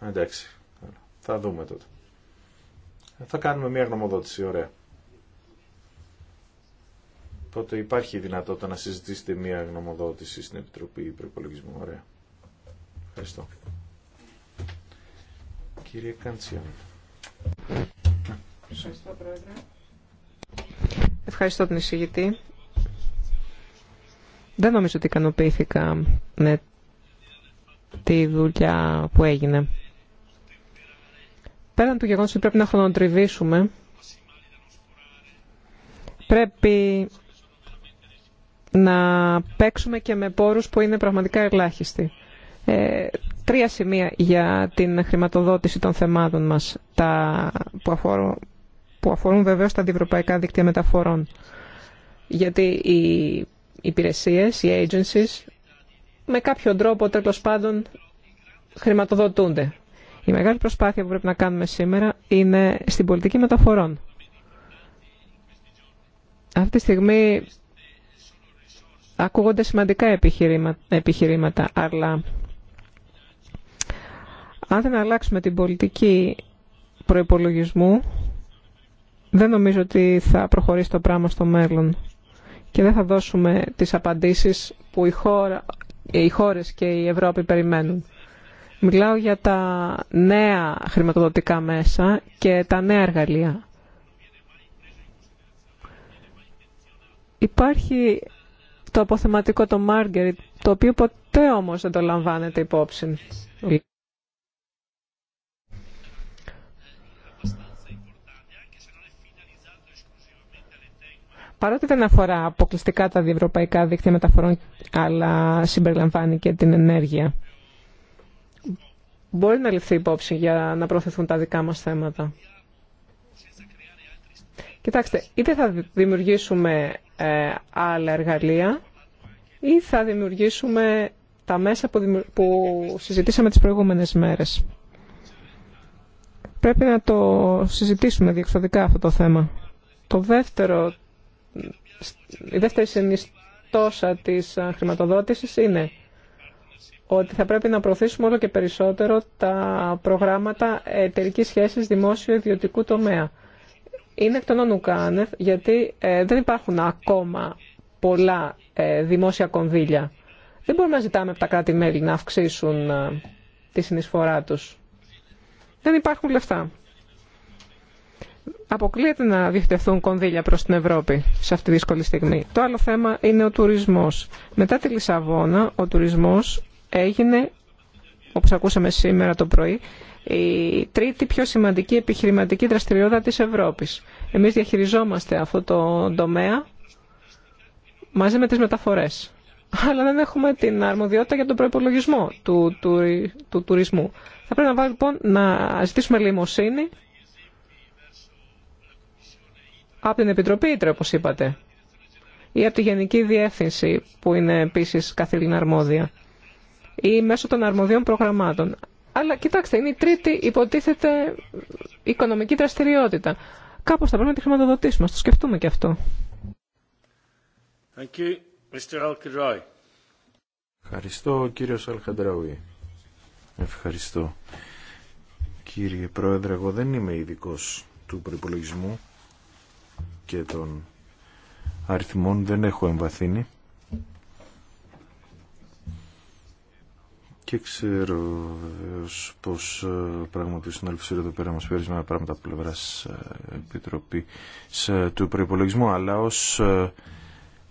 Εντάξει. Θα δούμε τότε. Ε, θα κάνουμε μια γνωμοδότηση. Ωραία. Οπότε υπάρχει η δυνατότητα να συζητήσετε μια γνωμοδότηση στην Επιτροπή Προπολογισμού. Ωραία. Ευχαριστώ. Κύριε Καντσιάν. Ευχαριστώ, Πρόεδρε. Ευχαριστώ τον εισηγητή. Δεν νομίζω ότι ικανοποιήθηκα με τη δουλειά που έγινε πέραν του γεγονός ότι πρέπει να χρονοτριβήσουμε, πρέπει να παίξουμε και με πόρους που είναι πραγματικά ελάχιστοι. Ε, τρία σημεία για την χρηματοδότηση των θεμάτων μας, τα που, αφορούν, που αφορούν βεβαίως τα αντιευρωπαϊκά δίκτυα μεταφορών. Γιατί οι υπηρεσίες, οι agencies, με κάποιο τρόπο τέλο πάντων χρηματοδοτούνται. Η μεγάλη προσπάθεια που πρέπει να κάνουμε σήμερα είναι στην πολιτική μεταφορών. Αυτή τη στιγμή ακούγονται σημαντικά επιχειρήματα, αλλά αν δεν αλλάξουμε την πολιτική προϋπολογισμού, δεν νομίζω ότι θα προχωρήσει το πράγμα στο μέλλον και δεν θα δώσουμε τις απαντήσεις που οι, χώρα, οι χώρες και η Ευρώπη περιμένουν. Μιλάω για τα νέα χρηματοδοτικά μέσα και τα νέα εργαλεία. Υπάρχει το αποθεματικό το Μάργκεριτ, το οποίο ποτέ όμως δεν το λαμβάνεται υπόψη. Παρότι δεν αφορά αποκλειστικά τα διευρωπαϊκά δίκτυα μεταφορών, αλλά συμπεριλαμβάνει και την ενέργεια μπορεί να ληφθεί υπόψη για να προωθηθούν τα δικά μας θέματα. Κοιτάξτε, είτε θα δημιουργήσουμε ε, άλλα εργαλεία ή θα δημιουργήσουμε τα μέσα που, συζητήσαμε τις προηγούμενες μέρες. Πρέπει να το συζητήσουμε διεξοδικά αυτό το θέμα. Το δεύτερο, η δεύτερη συνιστόσα της ε, χρηματοδότησης είναι ότι θα πρέπει να προωθήσουμε όλο και περισσότερο τα προγραμματα εταιρική εταιρικής σχέσης δημόσιο-ιδιωτικού τομέα. Είναι εκ των ονουκάνευ, γιατί ε, δεν υπάρχουν ακόμα πολλά ε, δημόσια κονδύλια. Δεν μπορούμε να ζητάμε από τα κράτη-μέλη να αυξήσουν ε, τη συνεισφορά τους. Δεν υπάρχουν λεφτά. Αποκλείεται να διευτευθούν κονδύλια προς την Ευρώπη σε αυτή τη δύσκολη στιγμή. Το άλλο θέμα είναι ο τουρισμός. Μετά τη Λισαβόνα, ο τουρισμός έγινε, όπως ακούσαμε σήμερα το πρωί, η τρίτη πιο σημαντική επιχειρηματική δραστηριότητα της Ευρώπης. Εμείς διαχειριζόμαστε αυτό το τομέα μαζί με τις μεταφορές. Αλλά δεν έχουμε την αρμοδιότητα για τον προπολογισμό του, του, του, τουρισμού. Θα πρέπει να, λοιπόν, να ζητήσουμε λιμοσύνη από την Επιτροπή Ήτρε, όπως είπατε, ή από τη Γενική Διεύθυνση, που είναι επίσης καθήλυνα αρμόδια ή μέσω των αρμοδίων προγραμμάτων. Αλλά κοιτάξτε, είναι η τρίτη υποτίθεται οικονομική δραστηριότητα. Κάπω θα πρέπει να τη χρηματοδοτήσουμε, το σκεφτούμε και αυτό. Ευχαριστώ, κύριο Αλχαντράουι. Ευχαριστώ. Κύριε Πρόεδρε, εγώ δεν είμαι ειδικό του προπολογισμού και των αριθμών, δεν έχω εμβαθύνει. Και ξέρω πω ε, πράγματι ο συνάδελφο εδώ πέρα μα πέρα με πράγματα από πλευρά ε, επιτροπή ε, του προπολογισμού, αλλά ω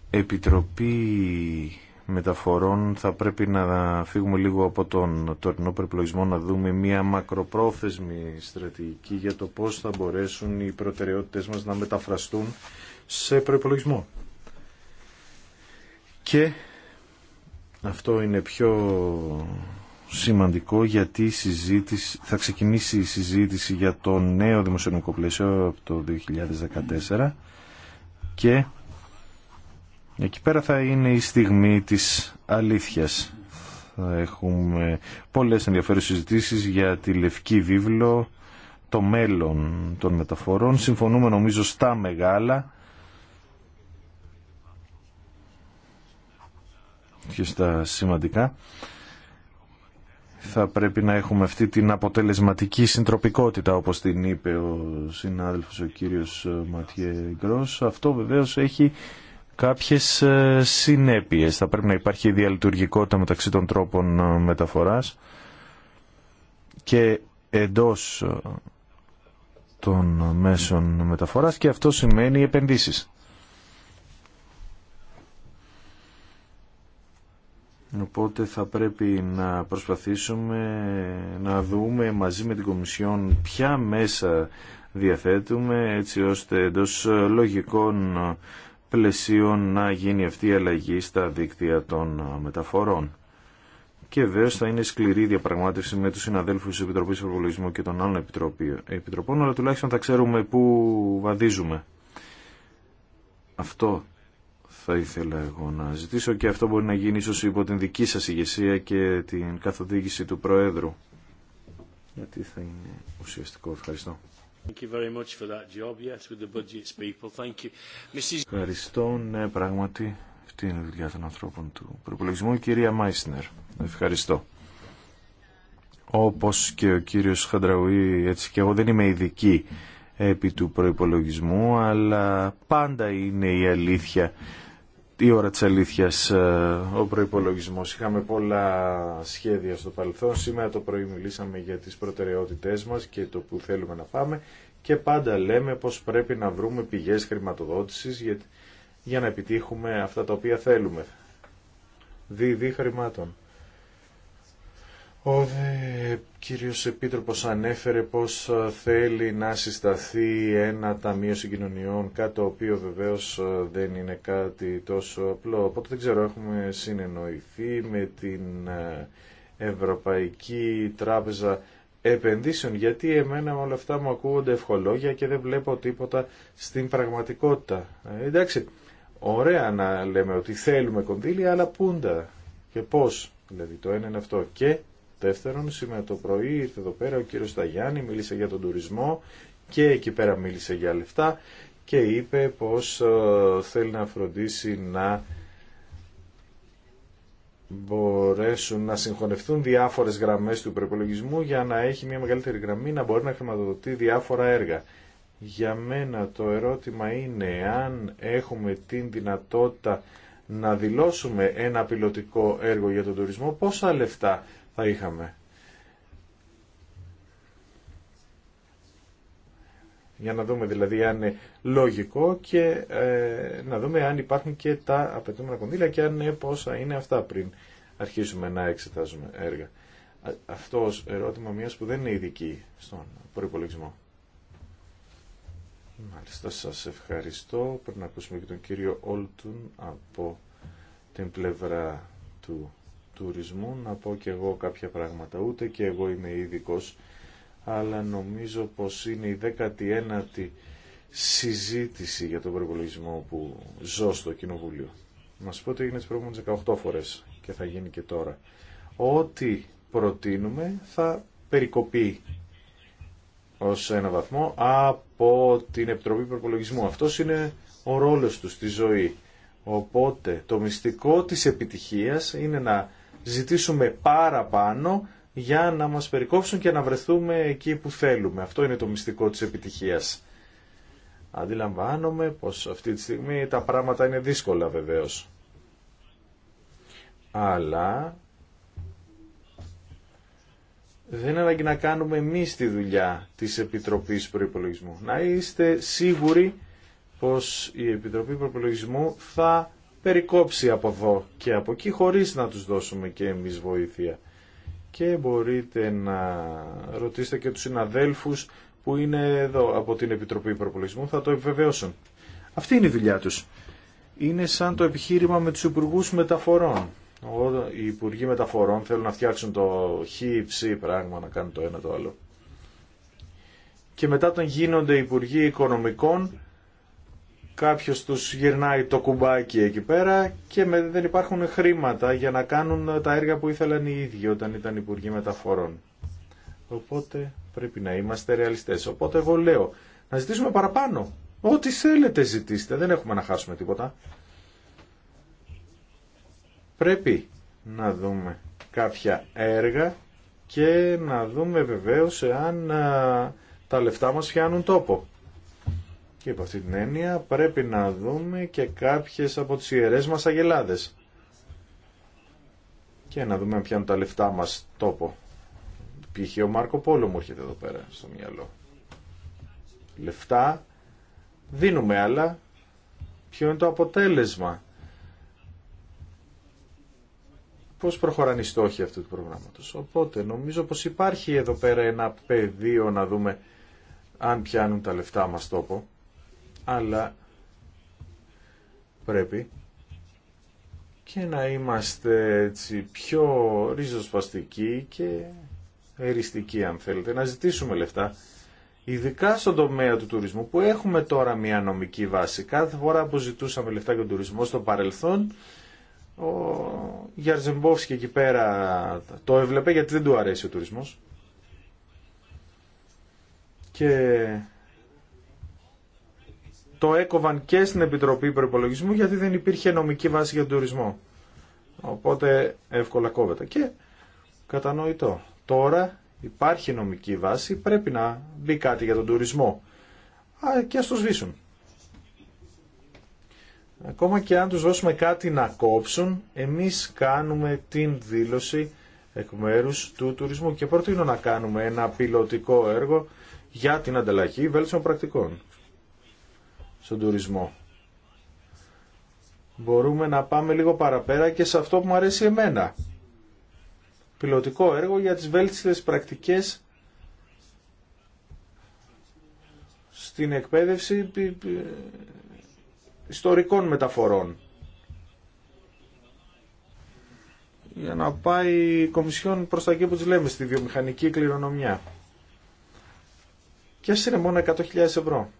επιτροπή μεταφορών θα πρέπει να φύγουμε λίγο από τον τωρινό προπολογισμό να δούμε μια μακροπρόθεσμη στρατηγική για το πώς θα μπορέσουν οι προτεραιότητες μας να μεταφραστούν σε προπολογισμό. Και αυτό είναι πιο σημαντικό γιατί θα ξεκινήσει η συζήτηση για το νέο δημοσιονομικό πλαίσιο από το 2014 και εκεί πέρα θα είναι η στιγμή της αλήθειας. Θα έχουμε πολλές ενδιαφέρουσες συζητήσεις για τη Λευκή Βίβλο, το μέλλον των μεταφορών. Συμφωνούμε νομίζω στα μεγάλα και στα σημαντικά θα πρέπει να έχουμε αυτή την αποτελεσματική συντροπικότητα όπως την είπε ο συνάδελφος ο κύριος Ματιέ Γκρός. Αυτό βεβαίως έχει κάποιες ε, συνέπειες. Θα πρέπει να υπάρχει διαλειτουργικότητα μεταξύ των τρόπων ε, μεταφοράς και εντός ε, των μέσων μεταφοράς και αυτό σημαίνει επενδύσεις. Οπότε θα πρέπει να προσπαθήσουμε να δούμε μαζί με την Κομισιόν ποια μέσα διαθέτουμε έτσι ώστε εντό λογικών πλαισίων να γίνει αυτή η αλλαγή στα δίκτυα των μεταφορών. Και βέβαια θα είναι σκληρή διαπραγμάτευση με τους συναδέλφους της Επιτροπής Ευρωπολογισμού και των άλλων επιτροπών, αλλά τουλάχιστον θα ξέρουμε πού βαδίζουμε. Αυτό θα ήθελα εγώ να ζητήσω και αυτό μπορεί να γίνει ίσως υπό την δική σας ηγεσία και την καθοδήγηση του Προέδρου. Γιατί θα είναι ουσιαστικό. Ευχαριστώ. Ευχαριστώ, ναι, πράγματι. Αυτή είναι η δουλειά των ανθρώπων του προπολογισμού. κυρία Μάισνερ, ευχαριστώ. Όπως και ο κύριος Χαντραουή, έτσι και εγώ δεν είμαι ειδική επί του προϋπολογισμού, αλλά πάντα είναι η αλήθεια η ώρα της αλήθειας ε, ο προϋπολογισμός. Είχαμε πολλά σχέδια στο παρελθόν. Σήμερα το πρωί μιλήσαμε για τις προτεραιότητές μας και το που θέλουμε να πάμε και πάντα λέμε πως πρέπει να βρούμε πηγές χρηματοδότησης για, για να επιτύχουμε αυτά τα οποία θέλουμε. δι χρημάτων. Ο δε κύριος Επίτροπος ανέφερε πως ε, θέλει να συσταθεί ένα ταμείο συγκοινωνιών, κάτι το οποίο βεβαίως ε, δεν είναι κάτι τόσο απλό. Οπότε δεν ξέρω, έχουμε συνεννοηθεί με την ε, Ευρωπαϊκή Τράπεζα Επενδύσεων, γιατί εμένα όλα αυτά μου ακούγονται ευχολόγια και δεν βλέπω τίποτα στην πραγματικότητα. εντάξει, ωραία να λέμε ότι θέλουμε κονδύλια, αλλά πούντα και πώς. Δηλαδή το ένα είναι αυτό και Δεύτερον, σήμερα το πρωί ήρθε εδώ πέρα ο κύριο Σταγιάννη, μίλησε για τον τουρισμό και εκεί πέρα μίλησε για λεφτά και είπε πως ε, θέλει να φροντίσει να μπορέσουν να συγχωνευτούν διάφορες γραμμές του προπολογισμού για να έχει μια μεγαλύτερη γραμμή να μπορεί να χρηματοδοτεί διάφορα έργα. Για μένα το ερώτημα είναι αν έχουμε την δυνατότητα να δηλώσουμε ένα πιλωτικό έργο για τον τουρισμό, πόσα λεφτά θα είχαμε. Για να δούμε δηλαδή αν είναι λογικό και ε, να δούμε αν υπάρχουν και τα απαιτούμενα κονδύλια και αν είναι πόσα είναι αυτά πριν αρχίσουμε να εξετάζουμε έργα. Αυτό ερώτημα μιας που δεν είναι ειδική στον προϋπολογισμό. Μάλιστα σας ευχαριστώ. Πρέπει να ακούσουμε και τον κύριο Όλτουν από την πλευρά του τουρισμού να πω και εγώ κάποια πράγματα. Ούτε και εγώ είμαι ειδικό, αλλά νομίζω πως είναι η 19η συζήτηση για τον προπολογισμό που ζω στο Κοινοβούλιο. Να σου πω ότι έγινε τις προηγούμενες 18 φορές και θα γίνει και τώρα. Ό,τι προτείνουμε θα περικοπεί ως ένα βαθμό από την Επιτροπή Προπολογισμού. Αυτός είναι ο ρόλος του στη ζωή. Οπότε το μυστικό της επιτυχίας είναι να ζητήσουμε παραπάνω για να μας περικόψουν και να βρεθούμε εκεί που θέλουμε. Αυτό είναι το μυστικό της επιτυχίας. Αντιλαμβάνομαι πως αυτή τη στιγμή τα πράγματα είναι δύσκολα βεβαίως. Αλλά δεν ανάγκη να κάνουμε εμεί τη δουλειά της Επιτροπής Προϋπολογισμού. Να είστε σίγουροι πως η Επιτροπή Προϋπολογισμού θα περικόψει από εδώ και από εκεί χωρίς να τους δώσουμε και εμείς βοήθεια. Και μπορείτε να ρωτήσετε και τους συναδέλφους που είναι εδώ από την Επιτροπή Προπολισμού, θα το επιβεβαιώσουν. Αυτή είναι η δουλειά τους. Είναι σαν το επιχείρημα με τους υπουργού Μεταφορών. Οι Υπουργοί Μεταφορών θέλουν να φτιάξουν το χ, πράγμα, να κάνουν το ένα το άλλο. Και μετά τον γίνονται Υπουργοί Οικονομικών, κάποιος τους γυρνάει το κουμπάκι εκεί πέρα και δεν υπάρχουν χρήματα για να κάνουν τα έργα που ήθελαν οι ίδιοι όταν ήταν Υπουργοί Μεταφορών. Οπότε πρέπει να είμαστε ρεαλιστές. Οπότε εγώ λέω να ζητήσουμε παραπάνω. Ό,τι θέλετε ζητήστε. Δεν έχουμε να χάσουμε τίποτα. Πρέπει να δούμε κάποια έργα και να δούμε βεβαίως εάν ε, τα λεφτά μας φτιάνουν τόπο. Και από αυτή την έννοια πρέπει να δούμε και κάποιες από τις ιερές μας αγελάδες. Και να δούμε ποιά είναι τα λεφτά μας τόπο. Π.χ. ο Μάρκο Πόλο μου έρχεται εδώ πέρα στο μυαλό. Λεφτά δίνουμε αλλά ποιο είναι το αποτέλεσμα. Πώς προχωράνε οι στόχοι αυτού του προγράμματος. Οπότε νομίζω πως υπάρχει εδώ πέρα ένα πεδίο να δούμε αν πιάνουν τα λεφτά μας τόπο αλλά πρέπει και να είμαστε έτσι πιο ριζοσπαστικοί και εριστικοί αν θέλετε, να ζητήσουμε λεφτά. Ειδικά στον τομέα του τουρισμού που έχουμε τώρα μια νομική βάση. Κάθε φορά που ζητούσαμε λεφτά για τον τουρισμό στο παρελθόν, ο Γιαρζεμπόφσκι εκεί πέρα το έβλεπε γιατί δεν του αρέσει ο τουρισμός. Και το έκοβαν και στην Επιτροπή Προπολογισμού γιατί δεν υπήρχε νομική βάση για τον τουρισμό. Οπότε εύκολα κόβεται. Και κατανοητό. Τώρα υπάρχει νομική βάση, πρέπει να μπει κάτι για τον τουρισμό. Α, και ας το σβήσουν. Ακόμα και αν τους δώσουμε κάτι να κόψουν, εμείς κάνουμε την δήλωση εκ μέρου του τουρισμού και προτείνω να κάνουμε ένα πιλωτικό έργο για την ανταλλαγή βέλτιστων πρακτικών στον τουρισμό. Μπορούμε να πάμε λίγο παραπέρα και σε αυτό που μου αρέσει εμένα. Πιλωτικό έργο για τις βέλτιστες πρακτικές στην εκπαίδευση ιστορικών μεταφορών. Για να πάει η Κομισιόν προς τα εκεί που τις λέμε, στη βιομηχανική κληρονομιά. Και ας είναι μόνο 100.000 ευρώ.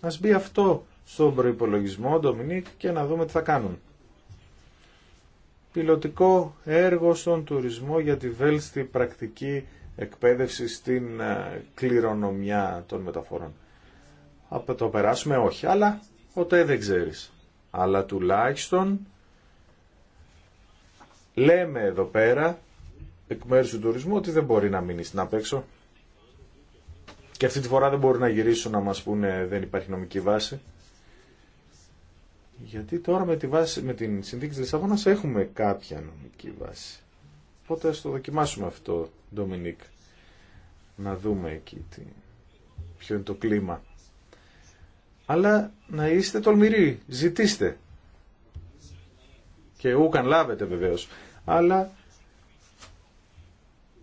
Ας μπει αυτό στον προπολογισμό Ντομινίκ, και να δούμε τι θα κάνουν. Πιλωτικό έργο στον τουρισμό για τη βέλστη πρακτική εκπαίδευση στην ε, κληρονομιά των μεταφορών. Από το περάσουμε όχι, αλλά ποτέ δεν ξέρεις. Αλλά τουλάχιστον λέμε εδώ πέρα εκ μέρους του τουρισμού ότι δεν μπορεί να μείνει στην απέξω. Και αυτή τη φορά δεν μπορούν να γυρίσουν να μας πούνε δεν υπάρχει νομική βάση. Γιατί τώρα με, τη βάση, με την συνθήκη της Λισαβόνας έχουμε κάποια νομική βάση. Οπότε ας το δοκιμάσουμε αυτό, Ντομινίκ. Να δούμε εκεί ποιο είναι το κλίμα. Αλλά να είστε τολμηροί, ζητήστε. Και ούκαν λάβετε βεβαίως. Αλλά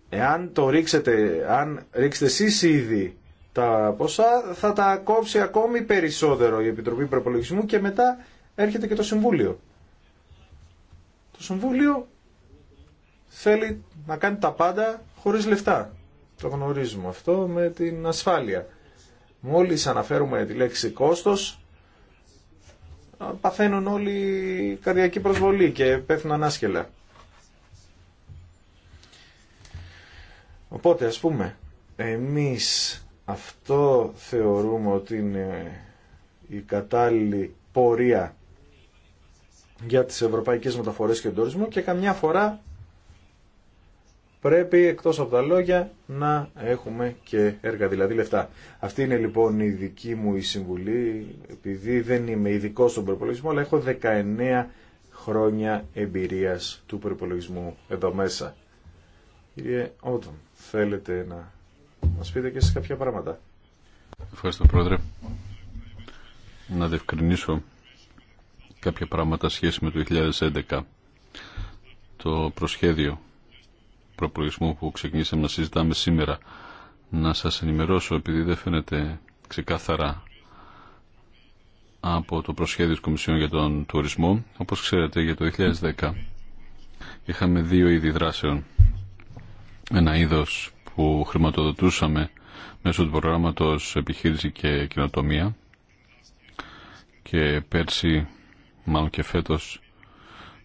εάν το ρίξετε, αν ρίξετε εσείς ήδη τα ποσά, θα τα κόψει ακόμη περισσότερο η Επιτροπή Προπολογισμού και μετά έρχεται και το Συμβούλιο. Το Συμβούλιο θέλει να κάνει τα πάντα χωρίς λεφτά. Το γνωρίζουμε αυτό με την ασφάλεια. Μόλις αναφέρουμε τη λέξη κόστος, παθαίνουν όλοι καρδιακή προσβολή και πέφτουν ανάσκελα. Οπότε ας πούμε, εμείς αυτό θεωρούμε ότι είναι η κατάλληλη πορεία για τις ευρωπαϊκές μεταφορές και τον τουρισμό και καμιά φορά πρέπει εκτός από τα λόγια να έχουμε και έργα, δηλαδή λεφτά. Αυτή είναι λοιπόν η δική μου η συμβουλή, επειδή δεν είμαι ειδικό στον προπολογισμό, αλλά έχω 19 χρόνια εμπειρίας του προπολογισμού εδώ μέσα. Κύριε θέλετε να μας πείτε και σε κάποια πράγματα. Ευχαριστώ Πρόεδρε. Να διευκρινίσω κάποια πράγματα σχέση με το 2011. Το προσχέδιο προπολογισμού που ξεκινήσαμε να συζητάμε σήμερα να σας ενημερώσω επειδή δεν φαίνεται ξεκάθαρα από το προσχέδιο της Κομισιόν για τον τουρισμό. Όπως ξέρετε για το 2010 είχαμε δύο είδη δράσεων. Ένα είδος που χρηματοδοτούσαμε μέσω του προγράμματος επιχείρηση και κοινοτομία και πέρσι, μάλλον και φέτος,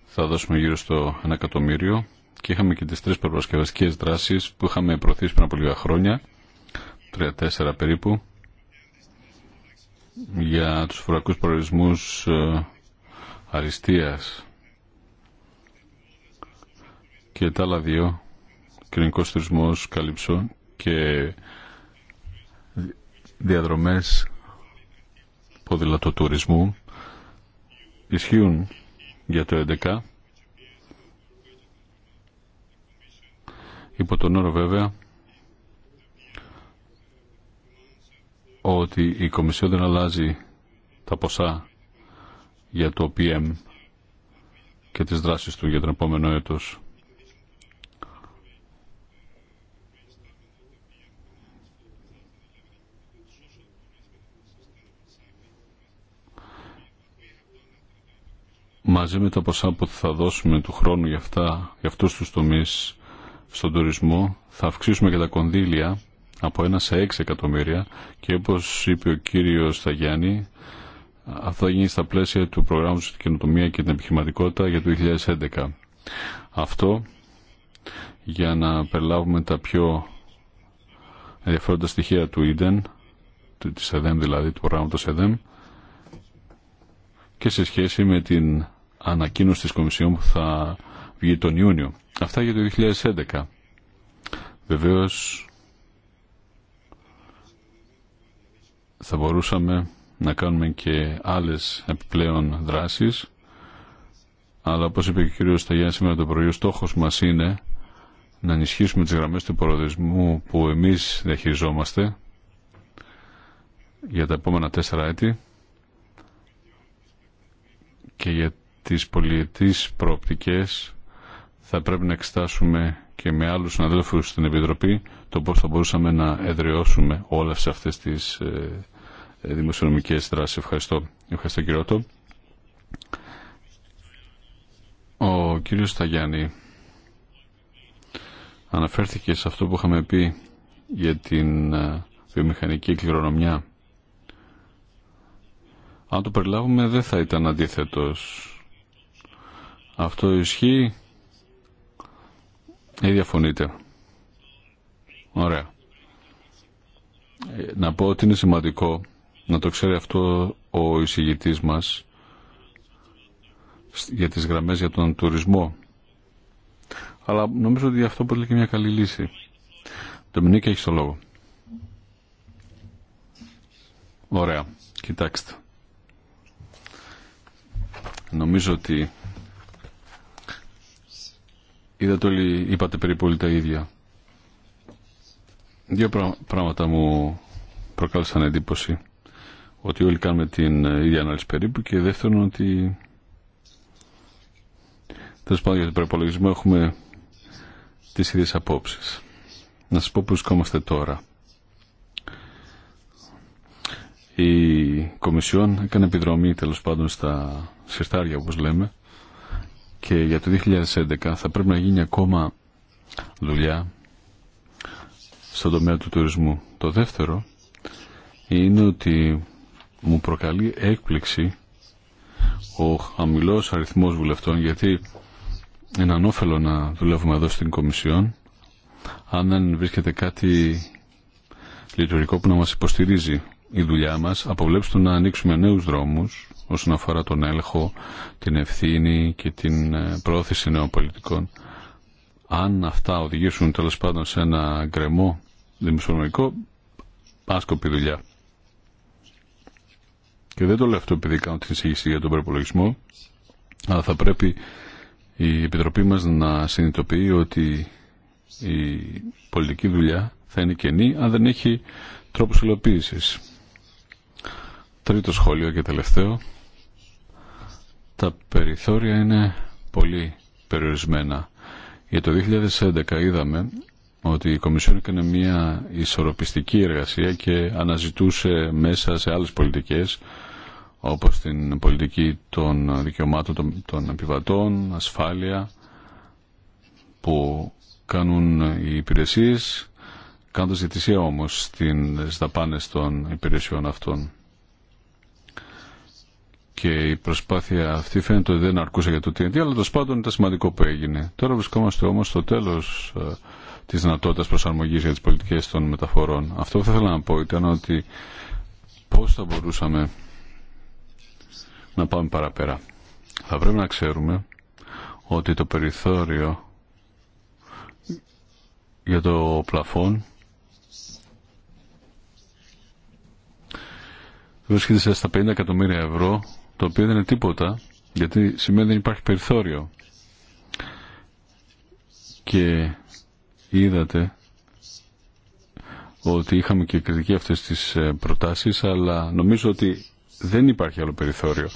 θα δώσουμε γύρω στο 1 εκατομμύριο και είχαμε και τις τρεις προπαρασκευαστικές δράσεις που είχαμε προωθήσει πριν από λίγα χρόνια, τρία-τέσσερα περίπου, για τους φορακούς προορισμούς ε, αριστείας και τα άλλα δύο κοινωνικός τουρισμός, καλύψω και διαδρομές ποδηλατοτουρισμού ισχύουν για το 11 υπό τον όρο βέβαια ότι η Κομισιόν δεν αλλάζει τα ποσά για το PM και τις δράσεις του για τον επόμενο έτος μαζί με τα ποσά που θα δώσουμε του χρόνου για, αυτά, για αυτούς τους τομείς στον τουρισμό θα αυξήσουμε και τα κονδύλια από 1 σε 6 εκατομμύρια και όπως είπε ο κύριος Σταγιάννη αυτό θα γίνει στα πλαίσια του προγράμματος της καινοτομία και την επιχειρηματικότητα για το 2011. Αυτό για να περιλάβουμε τα πιο ενδιαφέροντα στοιχεία του ΙΔΕΝ, της ΕΔΕΜ δηλαδή, του προγράμματος ΕΔΕΜ και σε σχέση με την ανακοίνωση της Κομισιόν που θα βγει τον Ιούνιο. Αυτά για το 2011. Βεβαίως θα μπορούσαμε να κάνουμε και άλλες επιπλέον δράσεις αλλά όπως είπε και ο κύριος Σταγιάν σήμερα το πρωί ο στόχος μας είναι να ενισχύσουμε τις γραμμές του προοδισμού που εμείς διαχειριζόμαστε για τα επόμενα τέσσερα έτη και για τις πολιετής προοπτικές θα πρέπει να εξετάσουμε και με άλλους συναδέλφους στην Επιτροπή το πώς θα μπορούσαμε να εδραιώσουμε όλες αυτές τις ε, ε, δημοσιονομικές δράσεις. Ευχαριστώ. Ευχαριστώ κύριο Ότο. Ο κύριος Σταγιάννη αναφέρθηκε σε αυτό που είχαμε πει για την ε, βιομηχανική κληρονομιά. Αν το περιλάβουμε δεν θα ήταν αντίθετος αυτό ισχύει ή διαφωνείτε. Ωραία. Ε, να πω ότι είναι σημαντικό να το ξέρει αυτό ο εισηγητής μας για τις γραμμές για τον τουρισμό. Αλλά νομίζω ότι αυτό αποτελεί και μια καλή λύση. Ντομινίκα, έχει το λόγο. Ωραία. Κοιτάξτε. Νομίζω ότι Είδατε όλοι, είπατε περίπου όλοι τα ίδια. Δύο πράγματα μου προκάλεσαν εντύπωση. Ότι όλοι κάνουμε την ε, ίδια ανάλυση περίπου και δεύτερον ότι τέλος πάντων για τον προπολογισμό έχουμε τις ίδιες απόψεις. Να σας πω που βρισκόμαστε τώρα. Η Κομισιόν έκανε επιδρομή τέλος πάντων στα συρτάρια όπως λέμε και για το 2011 θα πρέπει να γίνει ακόμα δουλειά στον τομέα του τουρισμού. Το δεύτερο είναι ότι μου προκαλεί έκπληξη ο χαμηλός αριθμός βουλευτών γιατί είναι ανώφελο να δουλεύουμε εδώ στην Κομισιόν αν δεν βρίσκεται κάτι λειτουργικό που να μας υποστηρίζει η δουλειά μας αποβλέψτε να ανοίξουμε νέους δρόμους όσον αφορά τον έλεγχο, την ευθύνη και την ε, πρόθεση νέων πολιτικών. Αν αυτά οδηγήσουν τέλο πάντων σε ένα γκρεμό δημοσιονομικό, άσκοπη δουλειά. Και δεν το λέω αυτό επειδή κάνω την εισήγηση για τον προπολογισμό, αλλά θα πρέπει η Επιτροπή μας να συνειδητοποιεί ότι η πολιτική δουλειά θα είναι κενή αν δεν έχει τρόπους υλοποίησης. Τρίτο σχόλιο και τελευταίο τα περιθώρια είναι πολύ περιορισμένα. Για το 2011 είδαμε ότι η Κομισιόν έκανε μια ισορροπιστική εργασία και αναζητούσε μέσα σε άλλες πολιτικές όπως την πολιτική των δικαιωμάτων των επιβατών, ασφάλεια που κάνουν οι υπηρεσίες κάνοντας ζητησία όμως στις δαπάνες των υπηρεσιών αυτών και η προσπάθεια αυτή φαίνεται ότι δεν αρκούσε για το TNT, αλλά το πάντων ήταν σημαντικό που έγινε. Τώρα βρισκόμαστε όμως στο τέλος ε, της δυνατότητα προσαρμογής για τις πολιτικές των μεταφορών. Αυτό που θα ήθελα να πω ήταν ότι πώς θα μπορούσαμε να πάμε παραπέρα. Θα πρέπει να ξέρουμε ότι το περιθώριο για το πλαφόν βρίσκεται στα 50 εκατομμύρια ευρώ το οποίο δεν είναι τίποτα, γιατί σημαίνει δεν υπάρχει περιθώριο. Και είδατε ότι είχαμε και κριτική αυτές τις ε, προτάσεις, αλλά νομίζω ότι δεν υπάρχει άλλο περιθώριο.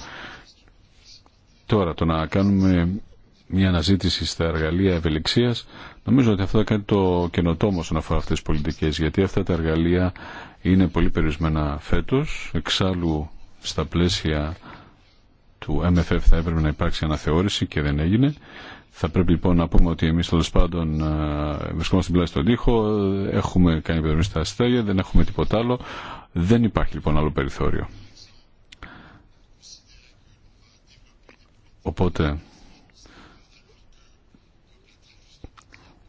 Τώρα, το να κάνουμε μια αναζήτηση στα εργαλεία ευελιξίας, νομίζω ότι αυτό θα κάνει το καινοτόμο όσον αφορά αυτές τις πολιτικές, γιατί αυτά τα εργαλεία είναι πολύ περιορισμένα φέτος, εξάλλου στα πλαίσια του MFF θα έπρεπε να υπάρξει αναθεώρηση και δεν έγινε. Θα πρέπει λοιπόν να πούμε ότι εμεί τέλο πάντων ε, βρισκόμαστε πλάση στον τοίχο, έχουμε κάνει υπερβολή στα αστέρια, δεν έχουμε τίποτα άλλο. Δεν υπάρχει λοιπόν άλλο περιθώριο. Οπότε,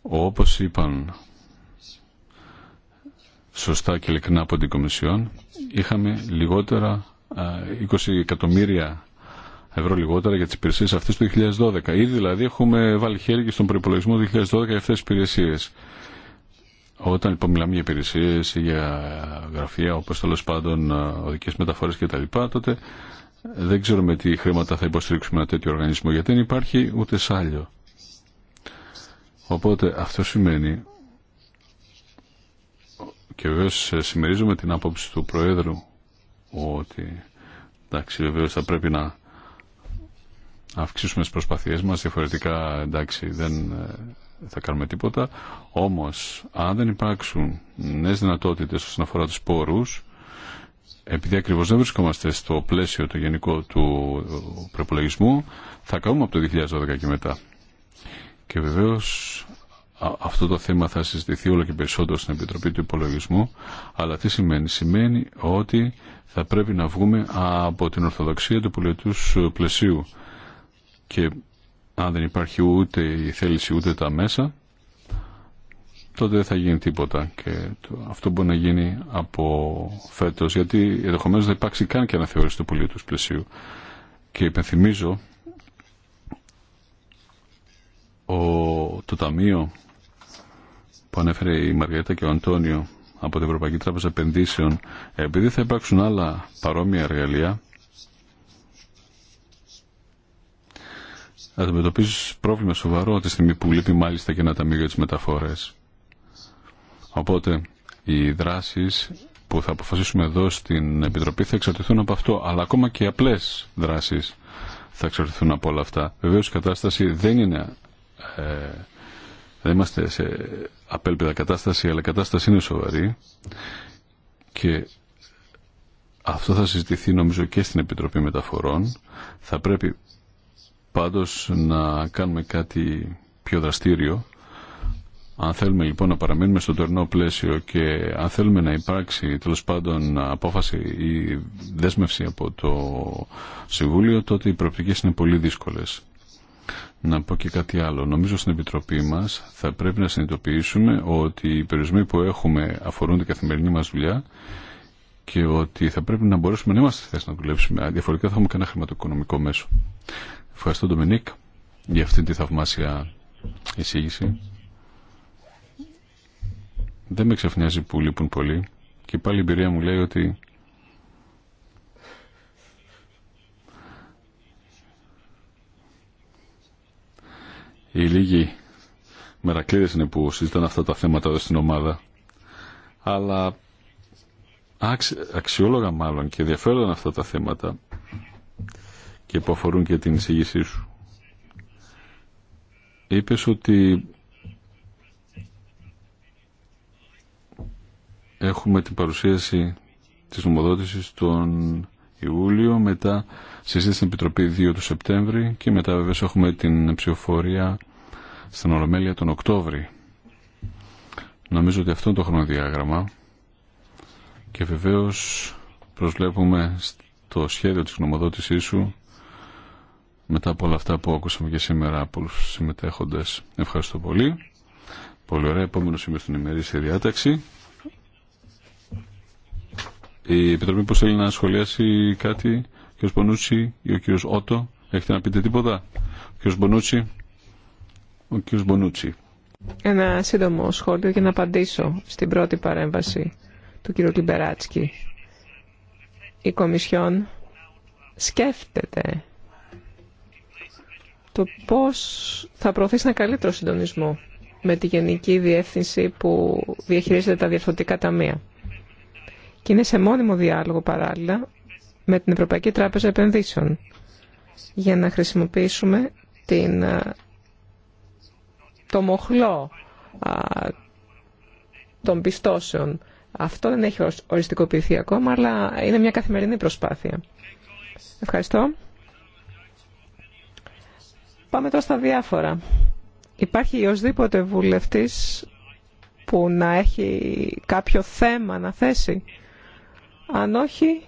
όπως είπαν σωστά και ειλικρινά από την Κομισιόν, είχαμε λιγότερα 20 ε, εκατομμύρια ευρώ λιγότερα για τι υπηρεσίε αυτέ του 2012. Ήδη δηλαδή έχουμε βάλει χέρι και στον προπολογισμό του 2012 για αυτέ τις υπηρεσίε. Όταν λοιπόν μιλάμε για υπηρεσίε, ή για γραφεία όπω τέλο πάντων ε, οδικέ μεταφορέ κτλ. τότε δεν ξέρουμε τι χρήματα θα υποστηρίξουμε ένα τέτοιο οργανισμό γιατί δεν υπάρχει ούτε σάλιο. Οπότε αυτό σημαίνει και βεβαίω συμμερίζουμε την άποψη του Προέδρου ότι εντάξει βεβαίω θα πρέπει να αυξήσουμε τις προσπαθίες μας, διαφορετικά εντάξει δεν ε, θα κάνουμε τίποτα. Όμως, αν δεν υπάρξουν νέες δυνατότητες όσον αφορά τους πόρους, επειδή ακριβώς δεν βρισκόμαστε στο πλαίσιο το γενικό του ε, προπολογισμού, θα κάνουμε από το 2012 και μετά. Και βεβαίως αυτό το θέμα θα συζητηθεί όλο και περισσότερο στην Επιτροπή του Υπολογισμού, αλλά τι σημαίνει. Σημαίνει ότι θα πρέπει να βγούμε από την ορθοδοξία του πολιτικού πλαισίου και αν δεν υπάρχει ούτε η θέληση ούτε τα μέσα τότε δεν θα γίνει τίποτα και αυτό μπορεί να γίνει από φέτος γιατί ενδεχομένω δεν υπάρξει καν και αναθεώρηση του τους πλαισίου και υπενθυμίζω ο, το ταμείο που ανέφερε η Μαριέτα και ο Αντώνιο από την Ευρωπαϊκή Τράπεζα Επενδύσεων επειδή θα υπάρξουν άλλα παρόμοια εργαλεία αντιμετωπίζει πρόβλημα σοβαρό τη στιγμή που λείπει μάλιστα και ένα ταμείο για τι μεταφορέ. Οπότε οι δράσει που θα αποφασίσουμε εδώ στην Επιτροπή θα εξαρτηθούν από αυτό, αλλά ακόμα και οι απλέ δράσει θα εξαρτηθούν από όλα αυτά. Βεβαίω η κατάσταση δεν είναι. Ε, δεν είμαστε σε απέλπιδα κατάσταση, αλλά η κατάσταση είναι σοβαρή και αυτό θα συζητηθεί νομίζω και στην Επιτροπή Μεταφορών. Θα πρέπει πάντως να κάνουμε κάτι πιο δραστήριο αν θέλουμε λοιπόν να παραμείνουμε στο τωρινό πλαίσιο και αν θέλουμε να υπάρξει τέλο πάντων απόφαση ή δέσμευση από το Συμβούλιο, τότε οι προοπτικέ είναι πολύ δύσκολε. Να πω και κάτι άλλο. Νομίζω στην Επιτροπή μα θα πρέπει να συνειδητοποιήσουμε ότι οι περιορισμοί που έχουμε αφορούν την καθημερινή μα δουλειά και ότι θα πρέπει να μπορέσουμε να είμαστε στη θέση να δουλέψουμε. Διαφορετικά θα έχουμε κανένα χρηματοοικονομικό μέσο. Ευχαριστώ Ντομινίκ για αυτήν τη θαυμάσια εισήγηση. Δεν με ξαφνιάζει που λείπουν πολύ και πάλι η εμπειρία μου λέει ότι οι λίγοι μερακλείδες είναι που συζητάνε αυτά τα θέματα εδώ στην ομάδα αλλά αξιόλογα μάλλον και ενδιαφέρονταν αυτά τα θέματα και που αφορούν και την εισηγήσή σου. Είπες ότι έχουμε την παρουσίαση της νομοδότησης τον Ιούλιο, μετά συζήτηση στην Επιτροπή 2 του Σεπτέμβρη και μετά βέβαια έχουμε την ψηφοφορία στην Ολομέλεια τον Οκτώβρη. Νομίζω ότι αυτό είναι το χρονοδιάγραμμα και βεβαίως προσβλέπουμε στο σχέδιο της νομοδότησής σου μετά από όλα αυτά που ακούσαμε και σήμερα από του συμμετέχοντε. Ευχαριστώ πολύ. Πολύ ωραία. Επόμενο είμαι στην ημερήσια διάταξη. Η Επιτροπή που θέλει να σχολιάσει κάτι, ο κ. Μπονούτσι ή ο κ. Ότο, έχετε να πείτε τίποτα. Ο κ. Μπονούτσι. Ο κ. Μπονούτσι. Ένα σύντομο σχόλιο για να απαντήσω στην πρώτη παρέμβαση του κ. Λιμπεράτσκι. Η Κομισιόν σκέφτεται το πώς θα προωθήσει ένα καλύτερο συντονισμό με τη Γενική Διεύθυνση που διαχειρίζεται τα διευθυντικά ταμεία. Και είναι σε μόνιμο διάλογο παράλληλα με την Ευρωπαϊκή Τράπεζα Επενδύσεων για να χρησιμοποιήσουμε την, το μοχλό των πιστώσεων. Αυτό δεν έχει οριστικοποιηθεί ακόμα, αλλά είναι μια καθημερινή προσπάθεια. Ευχαριστώ. Πάμε τώρα στα διάφορα. Υπάρχει οσδήποτε βουλευτής που να έχει κάποιο θέμα να θέσει. Αν όχι,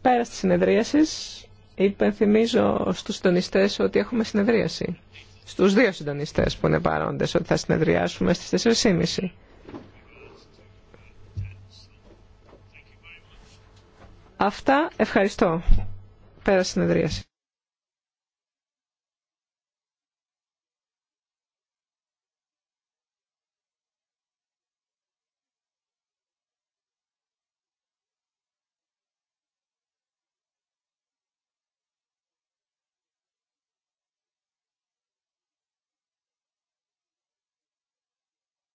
πέρα τη συνεδρίαση, υπενθυμίζω στους συντονιστές ότι έχουμε συνεδρίαση. Στους δύο συντονιστές που είναι παρόντες ότι θα συνεδριάσουμε στις 4.30. Αυτά ευχαριστώ. Πέρα συνεδρίαση.